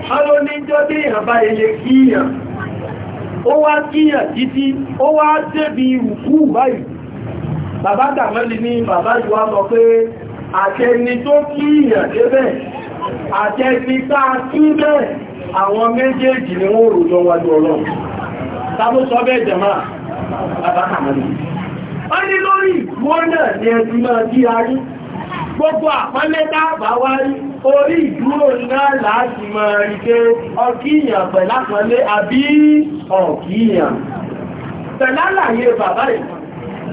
wọ́n ló ní jọ́ bí ìyànbá ilé kíyàn ó wá kíyàn títí ó wá débi ìwùkú báyìí bàbá dàmọ́lì ní bàbá ìwà sọ pé àtẹni tó kí ìyàn débẹ̀ àtẹni tá a kí bẹ́ àwọn méjèèjì ni wọ́n ròjọ wájú ọlọ́run tàbí sọ bẹ́ẹ̀ jẹ̀má bàbá dàmọ́lì wọ́n ní lórí ìgbóná ní ẹbí máa kí ayé gbogbo àpọ́lẹ́dá bá wá rí orí ìdúró náà láti mọ̀ rí ọkíyàn pẹ̀lápọ̀lẹ́ àbí ọkíyàn pẹ̀lálàyé bàbá yìí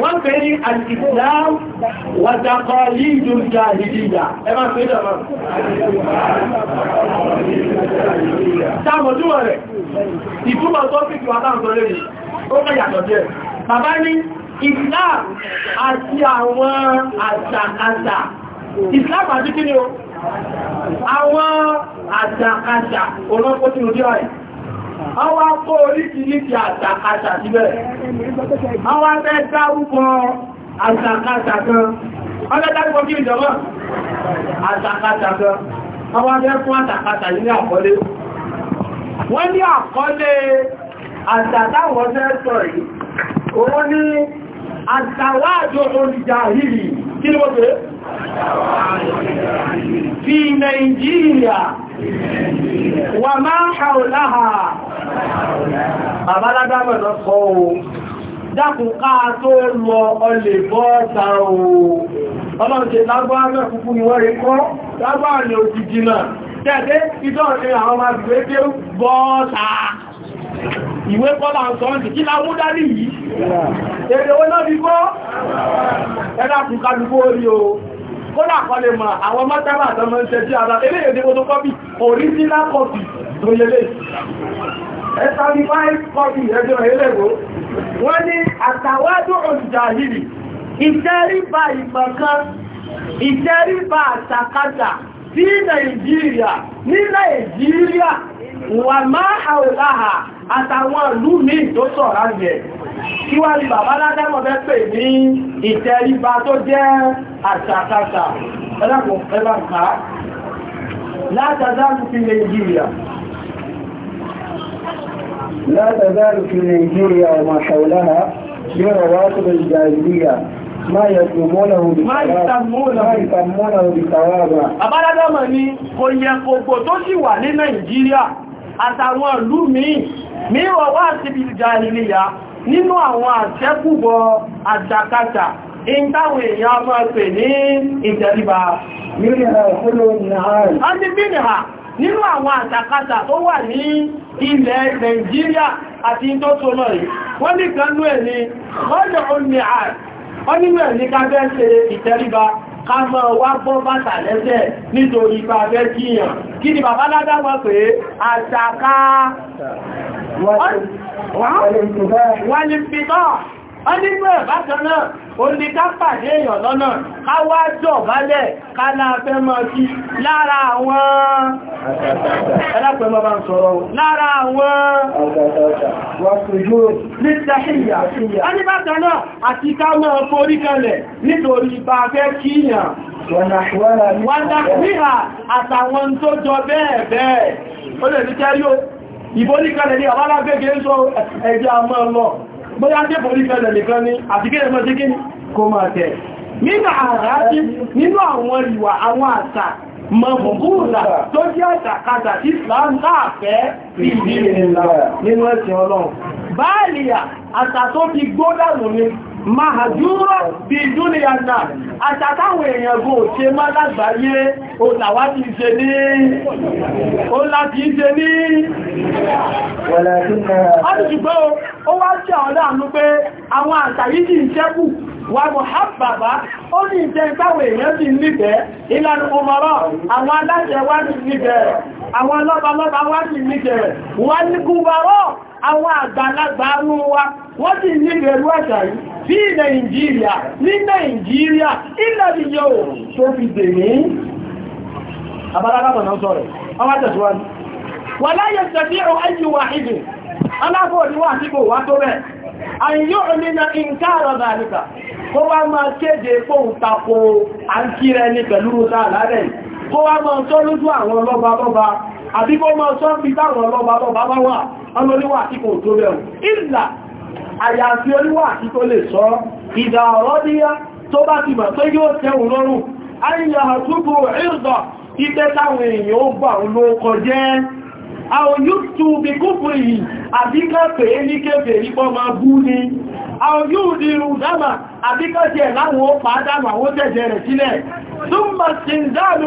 wọ́n pè ní al-Islam wa taqalidul jahiliyya ẹmà pé dàmà sáàmọ̀túwọ̀ rẹ̀ ìtúmọ̀ tó fi kí wà láàrín lórí ó kẹ́ yàtọ̀ jẹ́ bàbá ní Islam àti àwọn àṣàkáṣà Islam àti kí ni o àwọn àṣàkáṣà olóòpótí ojú ọ̀rẹ́ àwọn akó oríṣiríṣi àtàkàtà síbẹ̀ àwọn abẹ́ dárúkọ àtàkàtà kan ọjọ́ dárúkọ kí ìjọba àtàkàtà kan àwọn abẹ́ fún àtàkàtà yìí ní àkọlé wọ́n ní àkọlé àtàkàwọ̀ sẹ́sọ̀ yìí òun ní àtàwádò olùjàhìrì kí ló wọ́n fi Nàìjíríà wà máa hàùláhà bàbá lágbàmọ̀ lọ sọ o dákùn káà tó lọ ọlè bọ́ọ̀ta o ọlọ́run ṣe lágbàmọ̀ kúkú ni wọ́n rí kọ́ lágbàmọ̀ ni òjìjì náà tẹ́ẹ̀dẹ́ ìjọ́ ọ̀rẹ́ àwọn ọmọ ìwé pé bọ́ọ̀ta ìwé kọ́lá ọ̀sọ́ọ̀dì kí la mú dání yìí èrè owó náà kọ́ ẹ̀dàkùn kálukú orí o kódà kọ́ lè mọ̀ àwọn mọ́tàbà àtọmọ́ ń tẹ́jú ara eléyìí òdíwó tó kọ́bí original copy tó yẹlé ẹ̀sàmìfáì kọ́bí ẹjọ́ ẹlẹ́gbò wọ́n ní àtàwádùn òjìjàhìrì ìtẹríba ìmọ̀kan ìtẹríba àtàkàtà sí Nàìjíríà ní Nàìjíríà wà máa àwòláhà àtàwọn ìlú mi tó sọ̀rọ̀ rẹ̀ kí wá ní bàbá ládámọ̀ bẹ́ pè ní ìtẹríba tó jẹ́ àṣàkáṣà ẹlẹ́kùn ẹbàǹká látàzárù fi Nàìjíríà látàzárù fi Nàìjíríà ọmọ àṣàwòláhà yóò wá tó ما يسمونه بالتوابع. Àbádádámọ̀ ni kò yẹ kòkò tó sì wà ní Nàìjíríà àtàwọn ìlú míì mírọ̀ wá síbi jahiliya nínú àwọn àṣẹ́kùbọ̀ àjàkátà in táwọn èèyàn máa pè ní ìtẹríba nínú àwọn àjàkátà tó wà ní ilẹ̀ Nigeria àti tó tó náà rí wọ́n ní kanú ẹ̀ ní ọjọ́ òmìnira wọ́n nínú ẹ̀ ní ṣe ìtẹríba ká máa wá gbọ́ bàtà lẹ́sẹ̀ nítorí bá fẹ́ kíyàn kí ni bàbá ládá wọ́n pé àṣàká wọ́n lè fi tọ́ ọdínú ẹ̀bákan náà orí ká pàdé èèyàn lọ́nà ká wá dọ̀bálẹ̀ ká láàfẹ́ mọ́ sí lára àwọn ẹlápẹ̀mọ́ bá ń sọ̀rọ̀ lára àwọn wàkùnjúrò ní tàhíyà ọdínbákan náà àti ká mọ́ forí kanlẹ̀ nítorí bá fẹ́ kíyàn wàdàkùnríhà àtàwọn tó jọ bẹ́ẹ̀ bẹ́ẹ̀ ó lè ní kẹ́rí ìborí ń sọ ẹ̀jẹ́ àmọ́ lọ bóyá jẹ́ pọ̀lú ìfẹ́lẹ̀ nìkan ni àti kí ẹmọ́ sí kí ní kó máa tẹ̀ nínú àrájí nínú àwọn ìwà àwọn àṣà mọ̀mọ̀kúrùlà tó jẹ́ àṣàkáṣà tí Islam láàfẹ́ sí ìdí nínú ẹ̀sìn mahajúrọ̀ bí dúnìyàndà àtàtàwọn èèyàn gò ṣe má lágbàáyé o ṣe ní o ṣe ní ọdúnṣùgbọ́ ó wá ṣe ọ̀dá àánú pé àwọn àtàyíjì ìṣẹ́kù wà mọ̀ hábàbá ó ní ìjẹ́ ìtàwọn èèyàn ti nífẹ̀ẹ́ ìlànà ọmọrọ̀ àwọn aláṣẹ wá ti nífẹ̀ẹ́ àwọn lọ́balọ́ba wá àwọn àgbàlagbà mú wa wọ́n sì ní ẹ̀ṣà yìí nàìjíríà ní nàìjíríà ilẹ̀ ni yóò tó fi dè ní àbálágbàmọ̀ náà sọ̀rọ̀ ọmọ tẹ̀síwájú wà láyé tẹ̀sí ọ̀hẹ́jì wà ìdè alábòdíwà síbò wá tó rẹ̀ àyíyó máa kéde fóun tako àǹkírẹ ní bá ọlọ́lẹ́wà àti kò tó bẹ̀rù ìlà àyàfi olúwà àti tó lè sọ ìdà ọ̀rọ̀ díyá tó bá ti mọ̀ tó yóò tẹ́wù lọ́rùn ayíyà àtúkù ìrìnà ìgbẹ́ táwọn èèyàn ó bà ń lóókọ jẹ́ àwọn yóò tún bí kúfù yìí àbíkẹ́ pèé ní kéfèé nípọ́ máa bú ni àwọn yóò di irú dámà àbíkọ́sí ẹ̀ láwọn ó pàá dámà ó tẹ̀jẹ̀ rẹ̀ sílẹ̀ túnmà sí ìdáàlú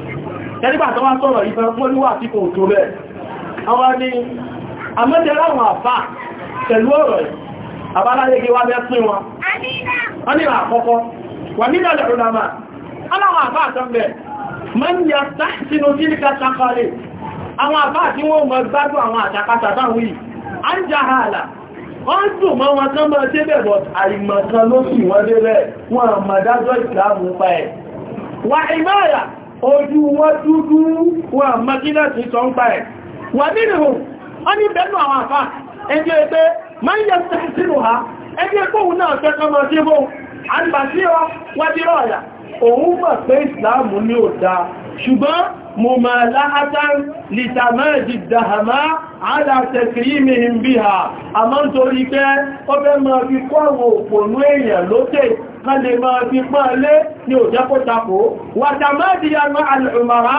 tẹ́lígbà tó wá sọ̀rọ̀ ìfẹ́ mọ́lúwà tí kò tó rẹ̀ àwọn ni àmọ́jẹ́ láwọn àfà pẹ̀lú ọ̀rọ̀ àbáláyégé wá bẹ́ wọn wọ́n nílà àkọ́kọ́ wà nílà lọ́rọ̀lọ́mà aláwọn àfà àtọ́m̀bẹ̀ mọ́nìyà sínú wọ́n dùn mọ́ wọn tán mọ́ débẹ̀ bọ̀ àìmọ̀kan ló sì wọ́n débẹ̀ wọn mọ̀ pa ẹ̀ wà ojú wọn dúdú wọn àmọ́gílẹ̀ sí sọ ń pa ẹ̀ wà nínú wọn ní bẹ̀rù àwọn àfá ẹgbẹ́ ẹgbẹ́ máa ń yẹ sínú ha ẹgbẹ́ ẹgbóhun náà fẹ́kọ́ mọ́ sí mọ́ àdìbàsíọ́ wájírọ̀ ọ̀yà òun mọ̀ pé ìsìláàmù ní ò dáa ṣùgbọ́n mo máa láhátán lìtàmẹ́ẹ̀dì dáhàmá àdàtẹ̀kìrí kan lè máa fi máa lé ní òjẹ́kótakò wàtàmádìyà al'umara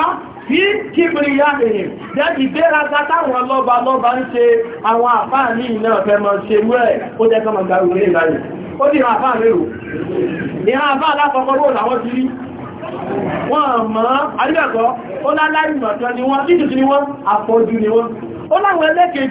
bí kíbìrì yá èyàn jẹ́bì bẹ́ra sátáwọn lọ́ba lọ́ba ń ṣe àwọn àfáà ní ìná ọ̀fẹ́ mọ̀ ṣe mú ẹ̀ ó jẹ́ kọmọ̀ gbà orí ìlànà ó dì àwọn àfáà mẹ́rò ní àwọn àfáà lápapọ̀ lóòrùn àwọn ti rí wọ́n mọ́ àríwẹ̀kọ́ ó láláìmọ̀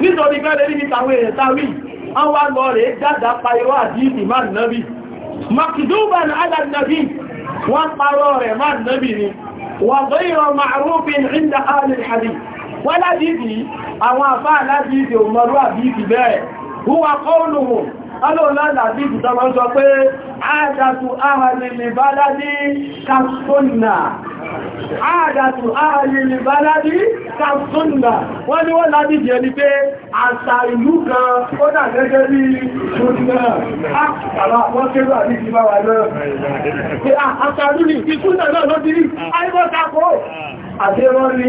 nítorí gẹ́lẹ̀ níbi tàwọn èèyàn táwí àwọn àgbọ̀ rẹ̀ jáda pariwá àdíìdì máa nàbí makidúbà ní alànàbí wọ́n parọ́ rẹ̀ máa nàbí ni wà gọ́yọ̀ ma'arufin inda alil hadi wọ́n ládìdì àwọn àfá ládìdì òmọrú àdíìdì bẹ́ẹ̀ huwa àádàtù ààrìlì báládì kàtúnnà wọ́n ni wọ́n láti jẹ́ ní pé àṣà ìlú kan ó dà gẹ́gẹ́ bí ṣúnnà ah, àkàrà wọ́n kérò àti ìjìbá wà náà pé ah, àṣà ìlú ní ìṣúnnà náà ló ti rí àìbọ́tàkó àti ẹ̀rọ ni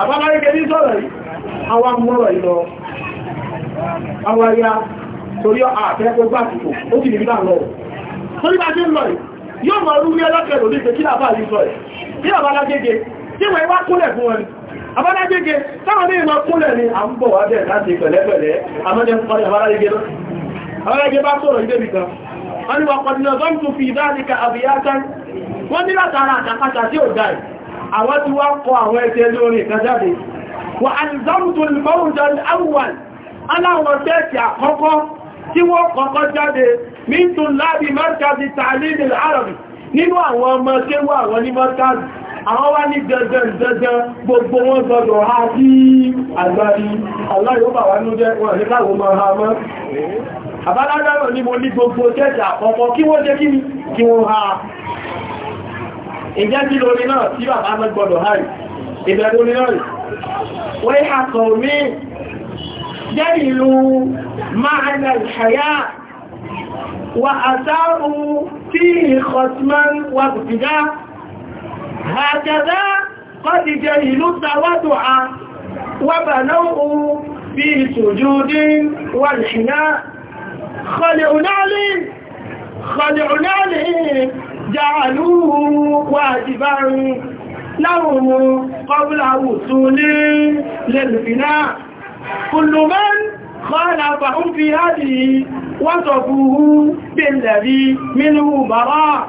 àbábáríkẹ́ ní sọ̀rọ̀ yìí àwọn mọ́rọ̀ ìlọ àwọn ya torí ah, àfẹ́ gbogbo àtìkò ó sì nígbà lọ torí bá ṣe ń lọ yìí yóò mọ̀ orú ní ọlọ́kẹ̀rò ní kí làbá àrí sọ ẹ̀ kí làbá lágége tí wọ́n wá kúnlẹ̀ fún wọn abálágége táwọn ní ìmọ̀ kúnlẹ̀ ni à ń bọ̀ wá bẹ̀rẹ̀ láti pẹ̀lẹ́pẹ̀lẹ́ amọ́dé ń parí abálágége lọ abálágége bá sọ̀rọ̀ ilé nìkan tí wọ́n kọ́kọ́ jáde mìtún láàbí mọ́ṣáàbí tààlìdì àrọ̀bì nínú àwọn ọmọ tí wọ́n àwọn ní mọ́ṣáàbí àwọn wá ní dandandandan gbogbo wọn gbọdọ̀ ha sí àgbàrí aláyọ́bà wá ní jẹ́ wọ́n ní káwọn máa ha mọ́ àbálágbàrọ̀ ní mo ní gbogbo jẹ́jà ọkọ̀ kí wọ́n jẹ́ kí wọ́n ha ìjẹ́ sí lórí náà tí جلوا معنى الحياة وأثاروا فيه خصما وابتداء هكذا قد جهلوا التوضع وبنوا في سجود والحناء خلعنا لي خلعنا لي جعلوه واجبا لهم قبل وصول للبناء كل من خالفهم في هذه وصفوه بالذي منه براء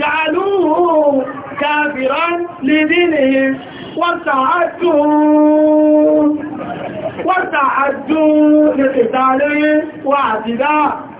جعلوه كافرا لدينهم وارتعدوا وارتعدوا لقتاله واعتداء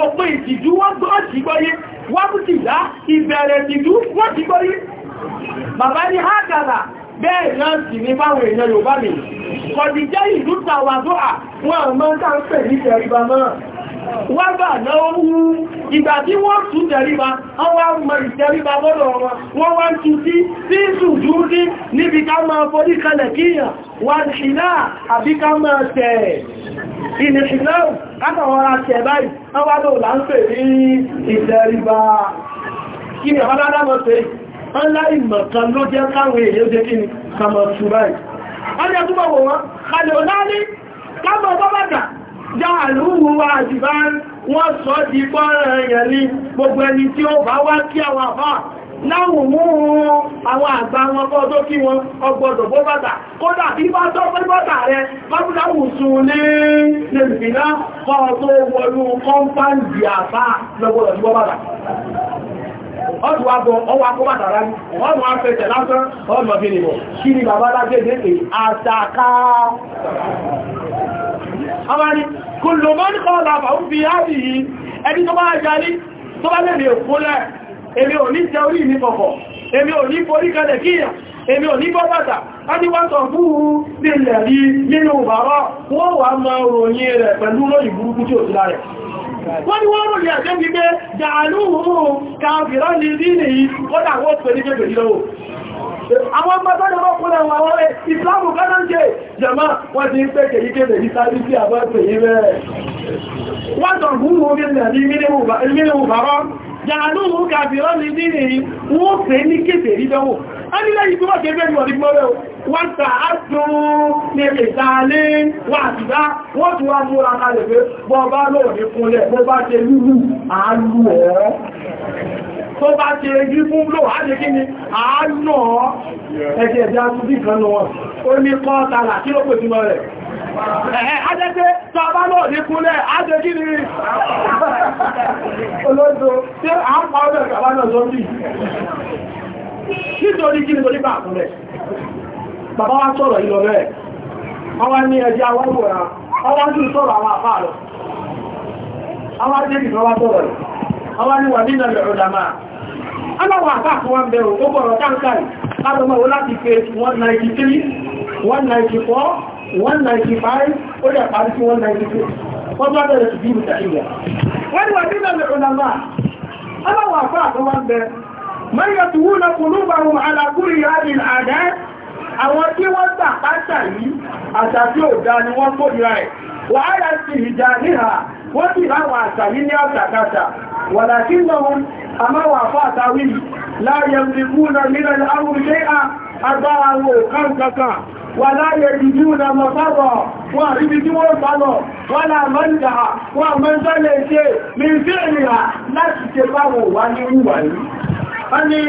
òpin ìtìjú wọ́n gbọ́ ti gbọ́yé wọ́n bú ti dá ìbẹ̀rẹ̀ ìtìjú wọ́n ti gbọ́yé bàbá ní hágàdà bẹ́ẹ̀ náà sì ní báwọn èèyàn Yorùbá mi kọ̀dìjẹ́ ìlú tàwàdọ́à wọ́n mọ́ ń tàń pẹ̀ ní wọ́n gbà náà wú ìgbà tí wọ́n tú tẹ̀ríba ọwọ́ mọ̀ ìtẹ̀ríba lọ́dọ̀ wọn wọ́n wá ń tú sí sí ìsùjú ní níbi ká máa forí kalẹ̀ kíyàn wà nìṣìlá àbí ká máa tẹ̀ ìnìṣìlá látàwọ́ra tẹ̀ báyìí wọ́n wá lóòlá ń pè ní jáàlúwò àdìbá wọ́n sọ di pọ́rọ̀ ẹ̀yẹ̀ ní gbogbo ẹni tí ó bá wá kí àwọn àfá láwọn mú àwọn àgbà wọn kọ́ tó kí wọn ọgbọ̀dọ̀ bó bàtà kódà bí bá tọ́ pé bàtà rẹ fábúdáwù sun ní lèmìnà kọ́ tó wọlú kọ́mpáǹdì àfá lọ́gbọ̀dọ̀ bó bàtà ọdún abọ̀ ọwọ́ akọ́bàtà rá ní ọdún afẹ́tẹ̀ lásán kò lò mọ́ ní kọ́ làbà ń fi áàbì yìí ẹni tó bá yarí tó bá lè kólẹ̀ èmi ò ní tẹ orí mi kọ̀kọ̀ èmi ò ní forí kalẹ̀ kíyàn èmi ò ní bọ́ bàtà a ní wọ́n sọ ni wọ́n ròyìn àjẹ́ gbígbé jàálù hùhù kàfìrá ní dínì yìí kọ́dà wọ́n pẹ̀lú kẹfẹ̀ lọ́wọ́ àwọn ọmọdé wọ́n kúrò àwọn àwọn ọ̀rẹ́ ìsìláàmù kánà ń ṣe jẹ̀má wọ́n ti ń pẹ́ kèyí ìsáàrí sí àbáṣẹ̀ yìí rẹ̀ wọ́n tàn fún orí nàbí mílíọ̀nù wọ́n pè ní kéde ní gbọ́rẹ̀ wọ́n wà àtìdá wọ́n tún wá múra kalẹ̀ pé bọ́ bá lọ́ọ̀ ní kúnlẹ̀ bọ́ bá ṣe lúlù àálù ọ̀rọ̀ tó bá ṣe rí fún lò ájẹ́ kí ni àánà ẹ̀jẹ̀ ẹ̀jẹ̀ àtúbí kan lọ wọn ó ní kọ́ tààlà kí ló pè túnmọ̀ rẹ̀ ẹ̀ẹ́ ajẹ́ pé tàbá náà ní kúnlẹ̀ ájẹ́ kí ni olóòdó tí a ń pa ọdọ̀ tàbá náà sọ́bí ní àwọn ìwòrà ọwá sí àwọn ni wà nínú ìrọ̀dàmáà aláwọ̀ àkáàkù wọn bẹ̀rù ó bọ̀rọ̀ táǹkàì alọ́mọ̀wó láti pé 193 194 195 ó dẹ̀ parí sí 196 wọ́n bá bẹ̀rẹ̀ sí bíbù tàíyà wọ́n ni wà ní ìlànà ìrọ̀lọ́mà aláwọ̀ àkáàkù wọn bẹ̀rù mẹ́rin tó wúlọ kùnúbàrùn alágúrí ráàdì àdẹ́ àwọn tí wọ́n tàpátà yìí àtàkì ò dá ni wọ́n kó ìrà ẹ̀ wàhálà sí ìjà níhà wọ́n sì láwọn àṣàrí ní àṣàkáṣà wàlàkí lọ́wọ́n àmáwà fàtàwí láyé ìrìnkúnà nílẹ̀ àwùjẹ́ àgbára wọn kan kankan wà láyé ìdíjúnà mọ̀fábọ̀ wọ́n àríbi tí wọ́n bálọ̀ wọ́n náà mọ́ndà wọ́n mọ́ndà lè ṣe mìíràn láti ṣe báwọn wà ní wúwà yìí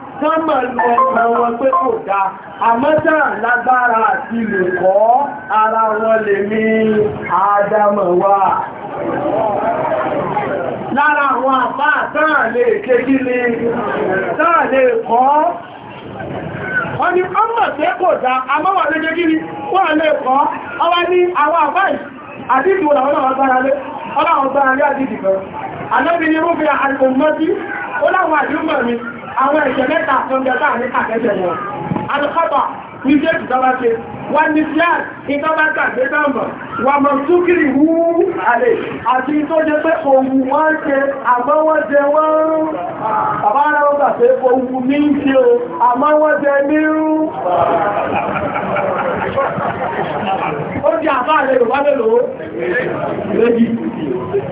kán mọ̀ lọ ẹ̀mọ̀ wọn pé kò dá àmọ́tà lágbára àti lè kọ́ ara wọn lè ní àádámọ̀ wà lára àwọn àpá táà lè ké kí ni táà lè kọ́ wọ́n ni ọmọ tẹ́ kò dá àmọ́wà lè ké kí ni wọ́n lè kọ́ ọwá ní àwọn àbáyì àti ìdíwọ̀n àwọn àwọn agbára lé ọlá àwọn agbára lé àti ìdìbọn àwọn ẹ̀ṣẹ̀ mẹ́ta tó ń jẹta ní kàkẹ́jẹ̀ wọn alùpàpà ní jẹ́ ìjọba ṣe wọ́n ní fíàt ìjọba gbàgbé dánbọ̀ wà mọ̀ túkìrì wú àlè àti tó jẹ pé òun wọ́n ṣe àmọ́ wọ́n jẹ wọ́n bàbá ara wọ́n gbàgbé òun ní ṣe o àmọ́ wọ́n jẹ nírú ó di àbá àlè yorùbá mélòó lẹ́yìn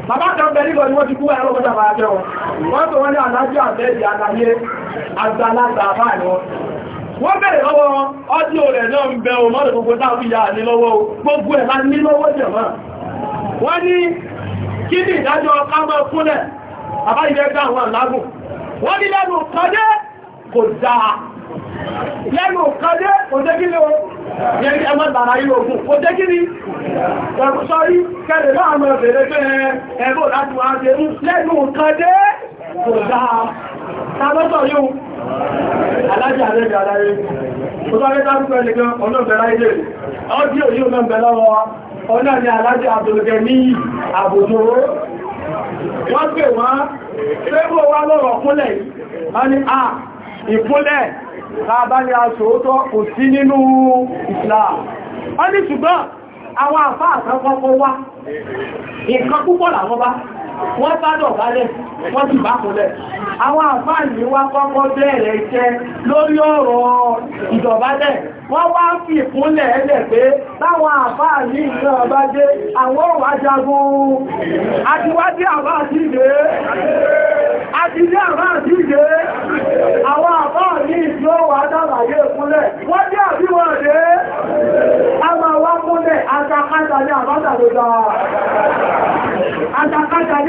bàbá kan bẹ̀rẹ̀ ìgbọ̀ ni wọ́n ti kú ẹ̀rọ wọ́n tó wọ́n ni wọ́n wọ́n bẹ̀rẹ̀ lọ́wọ́ ọdíò rẹ̀ náà ń bẹ òmọ́rẹ̀ gbogbo táwíyà ní lọ́wọ́ gbogbo ẹ̀ láti ní lọ́wọ́ jẹ̀mọ́ wọ́n ní kí ní ìdájọ́ kámọ́ fúnlẹ̀ àbáyìlẹ́ gbá àwọn àlágùn wọ́n ní lẹ́nu kọjẹ́ kò dáa lẹ́nu kọjẹ́ kò jẹ́ kí ló yẹni ẹmọ́ bàrá yìí ogun kò jẹ́ kí ní ẹ̀kùsọ́rí kẹrẹ̀ láàmọ́ bèèrè kò dáa tábẹ́tọ̀ yóò alájẹ́ àrẹ́jẹ́ aláyé tó bá rẹ́ dárúkọ ẹnìkan ọlọ́bẹ̀lá ilé ọdí òyí ọlọ́bẹ̀lá lọ́wọ́ ọlá ni alájẹ́ àbòlùgẹ́ ní àbòjò wọ́n pè wọ́n pẹ́gbò wá lọ́rọ̀ kúnlẹ̀ a ìkúnlẹ̀ ni a kò sí nínú Islam wọ́n ṣùgbọ́n àwọn àfáà wá nǹkan wọ́n sádọ̀ bálẹ̀ wọ́n sì bá kọlẹ̀ àwọn àfáàní wá kọ́kọ́ bẹ̀rẹ̀ iṣẹ́ lórí ọ̀rọ̀ ìdọ̀bálẹ̀ wọ́n wá fi ìkúnlẹ̀ ẹ̀lẹ̀ pé láwọn àfáàní náà bá dé àwọn òun ajagun àtiwádìí àbá àti ìdè àtìdí àbá àti ìdè àwọn àfáàní tí ó wà dàbàyé ìkúnlẹ̀ wọ́n dé àbí wọ́n dé a máa wá kúnlẹ̀ àtàkátà ní àbátà lójá àtàkátà ní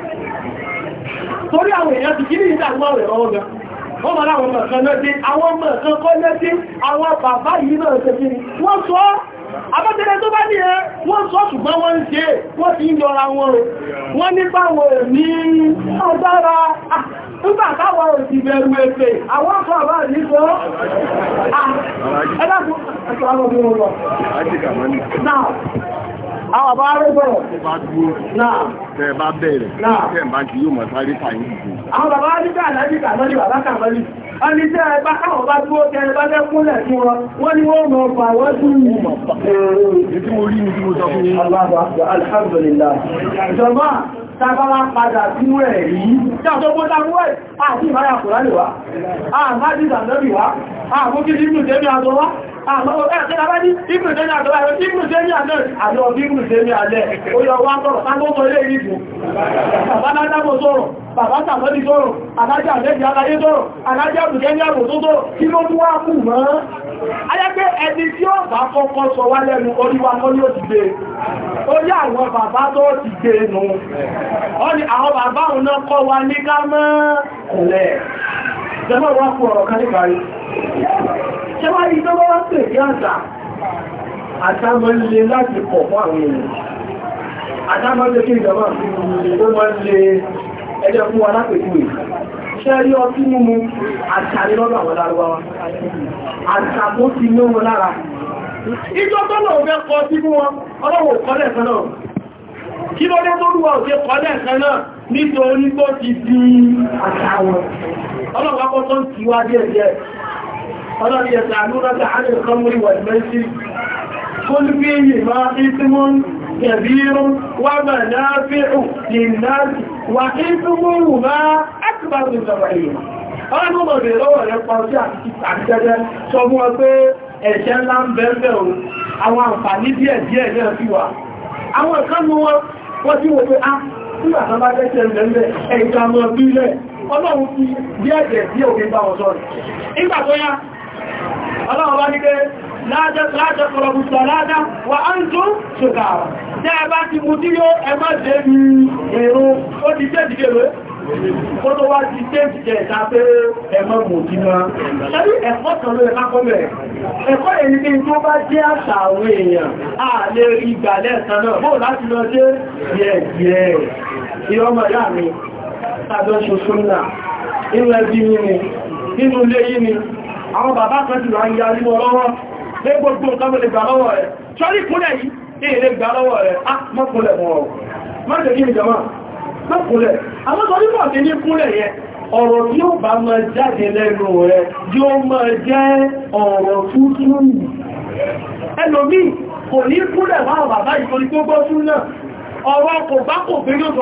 torí àwọn èèyàn ti kiri ìdàgbọ́ rẹ̀ ọwọ́ gan wọ́n mọ̀ láwọn ọmọ kan lọ́dé àwọn ọmọ kan kọ́ lẹ́dé àwọn bàbá yìí náà ṣe kiri wọ́n sọ abẹ́tẹ̀lẹ̀ tó bá ní ẹ wọ́n sọ ṣùgbọ́n wọ́n ń ṣe wọ́n ti ń yọra wọn rẹ̀ wọ́n nípa wọn ní agbára nígbà táwọn òsì bẹ̀rù ẹ̀fẹ̀ àwọn ọkọ̀ àbá ní sọ ẹ̀dàkùn àwọn bá rí bọ̀rọ̀ tẹ́ bá dúró tẹ́ bá bẹ̀rẹ̀ tẹ́ bá kí yóò mọ̀ sáré fàyín jù àwọn bàbá rí bá àlájì kàmọ́lì bàbá kàmọ́lì wọ́n ní tẹ́ ẹgbá káwọn bá dúró tẹ́ ẹgbá tẹ́ kúnlẹ̀ sí wọn wọ́n ní wọ́n mọ̀ fà wọ́n tún ní mọ̀ tàbáwá padà sínú ẹ̀ rí jáàtọ́ bọ́ta mú ẹ̀ àti ìmáyà kò lálẹ̀ wá àmájí ìdàndọ́bì wá àmókí ìbìnú tẹ́mí àtọwá àmọ́ ẹ̀ẹ́kẹ́lábájí ìbìnú tẹ́mí àjọ wá bàbá tàbí sọ̀rọ̀ alájá àlẹ́jì aláyé sọ̀rọ̀ alájá àbùkẹ́ ní àbò tó tó kí ló mú wá kù mọ́ ayẹ́gbẹ́ ẹni tí ó bá kọ́kọ́ sọ wá lẹ́nu oríwá kọ́ ní ó ti gbé ó yá àwọn bàbá tó ti gbé nù ó ní àwọn bàbá òun náà kọ́ wa ní ká mọ́ ẹ̀lẹ́ jẹ́mọ́ wá fún ọ̀rọ̀ kan níparí ṣe wá ní tó bá wá pè ní àṣà àtàmọ́ lè láti pọ̀ fún àwọn èèyàn àtàmọ́ lè kí ìjọba fi lè ẹjọ́ fún wa lápẹ̀kú rẹ̀ ṣẹ́ rí ọtí mímu àṣàrí lọ́dọ̀ àwọn lárúbáwá àṣà tó ti ní wọn lára ìjọ tọ́lọ̀ ọ̀fẹ́ kọ sí fún wọn ọlọ́wọ̀ kọ́lẹ̀ kan náà kí ló dé tó rú wa òfẹ́ kọ́lẹ̀ kan náà nítorí tó ti di àṣà wọn ọlọ́wọ́ akọ́ wà ìmẹ́sí kó ní bí wà ní túnmọ́rù máa ákùbárù ìjọba èèyàn ọ̀rọ̀ mọ̀ bèèrè lọ́wọ́ rẹ̀ pa ọjọ́ àti jẹ́jẹ́ sọ mú ọ pé ẹ̀ṣẹ̀ ńlá ń bẹ́ẹ̀ o àwọn àǹfààní díẹ̀ díẹ̀ náà fi wà àwọn ìkan mú wọn wọ́n ah, tí wọ́n pé á nígbà díẹ̀ لا تقربوا الصلاة وأنتم سكارى tẹ́ẹ̀bá ti mú tí yóò ẹmọ́ jẹ́ ní ìrún ó ti jẹ́ ìdíje rẹ̀ ó tó wá ti jẹ́ ìjẹ́ ìta pé ẹmọ́ mú tí máa ṣẹ́rí ẹ̀kọ́ kan ló ẹ̀ká kọ́mẹ̀ ẹ̀kọ́ a lè rí ìgbàlẹ̀ ẹ̀sán náà bóò láti lọ jẹ́ yẹ̀ẹ̀yẹ̀ ìrọmọ ìyá mi tàbí ṣoṣo náà inú ẹbí yìí ni inú ilé yìí ni àwọn bàbá kan jù wá ń yarí mọ́ lọ́wọ́ ní gbogbo nǹkan lè gbà lọ́wọ́ rẹ̀ ṣọ́rí kúnlẹ̀ yìí èèlè gbà lọ́wọ́ rẹ̀ ah, á mọ́kúnlẹ̀ mọ́ ọ̀rọ̀ mọ́jẹ̀ kí ni jama mọ́kúnlẹ̀ àwọn sọ nípa ti ní kúnlẹ̀ yẹn ọ̀rọ̀ tí ó bá máa jáde lẹ́nu rẹ̀ yóò máa jẹ́ ọ̀rọ̀ tuntun ẹlòmíì kò ní kúnlẹ̀ máa bàbá ìtorí tó gbọ́ tún náà ọ̀rọ̀ kò bá kò gbé yóò tó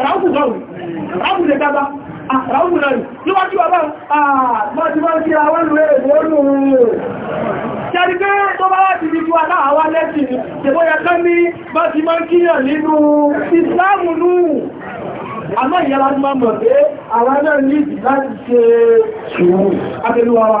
ráúkù lọ́rù ráúkù lè dábá ráúkù lọ́rù ló wá tí wà báwọn àmọ́ tí wọ́n kíra wọ́n lè wọ́nù ṣẹ́rí pé tó bá láti ní tí wà náà wá lẹ́sìn ṣèbóyẹ kán ní bá ti máa ń kíyàn nínú ìsìláàmù nù àmọ́ ìyára ti máa mọ̀ pé àwọn náà ní láti ṣe ṣùgbọ́n abẹ́lúwa wa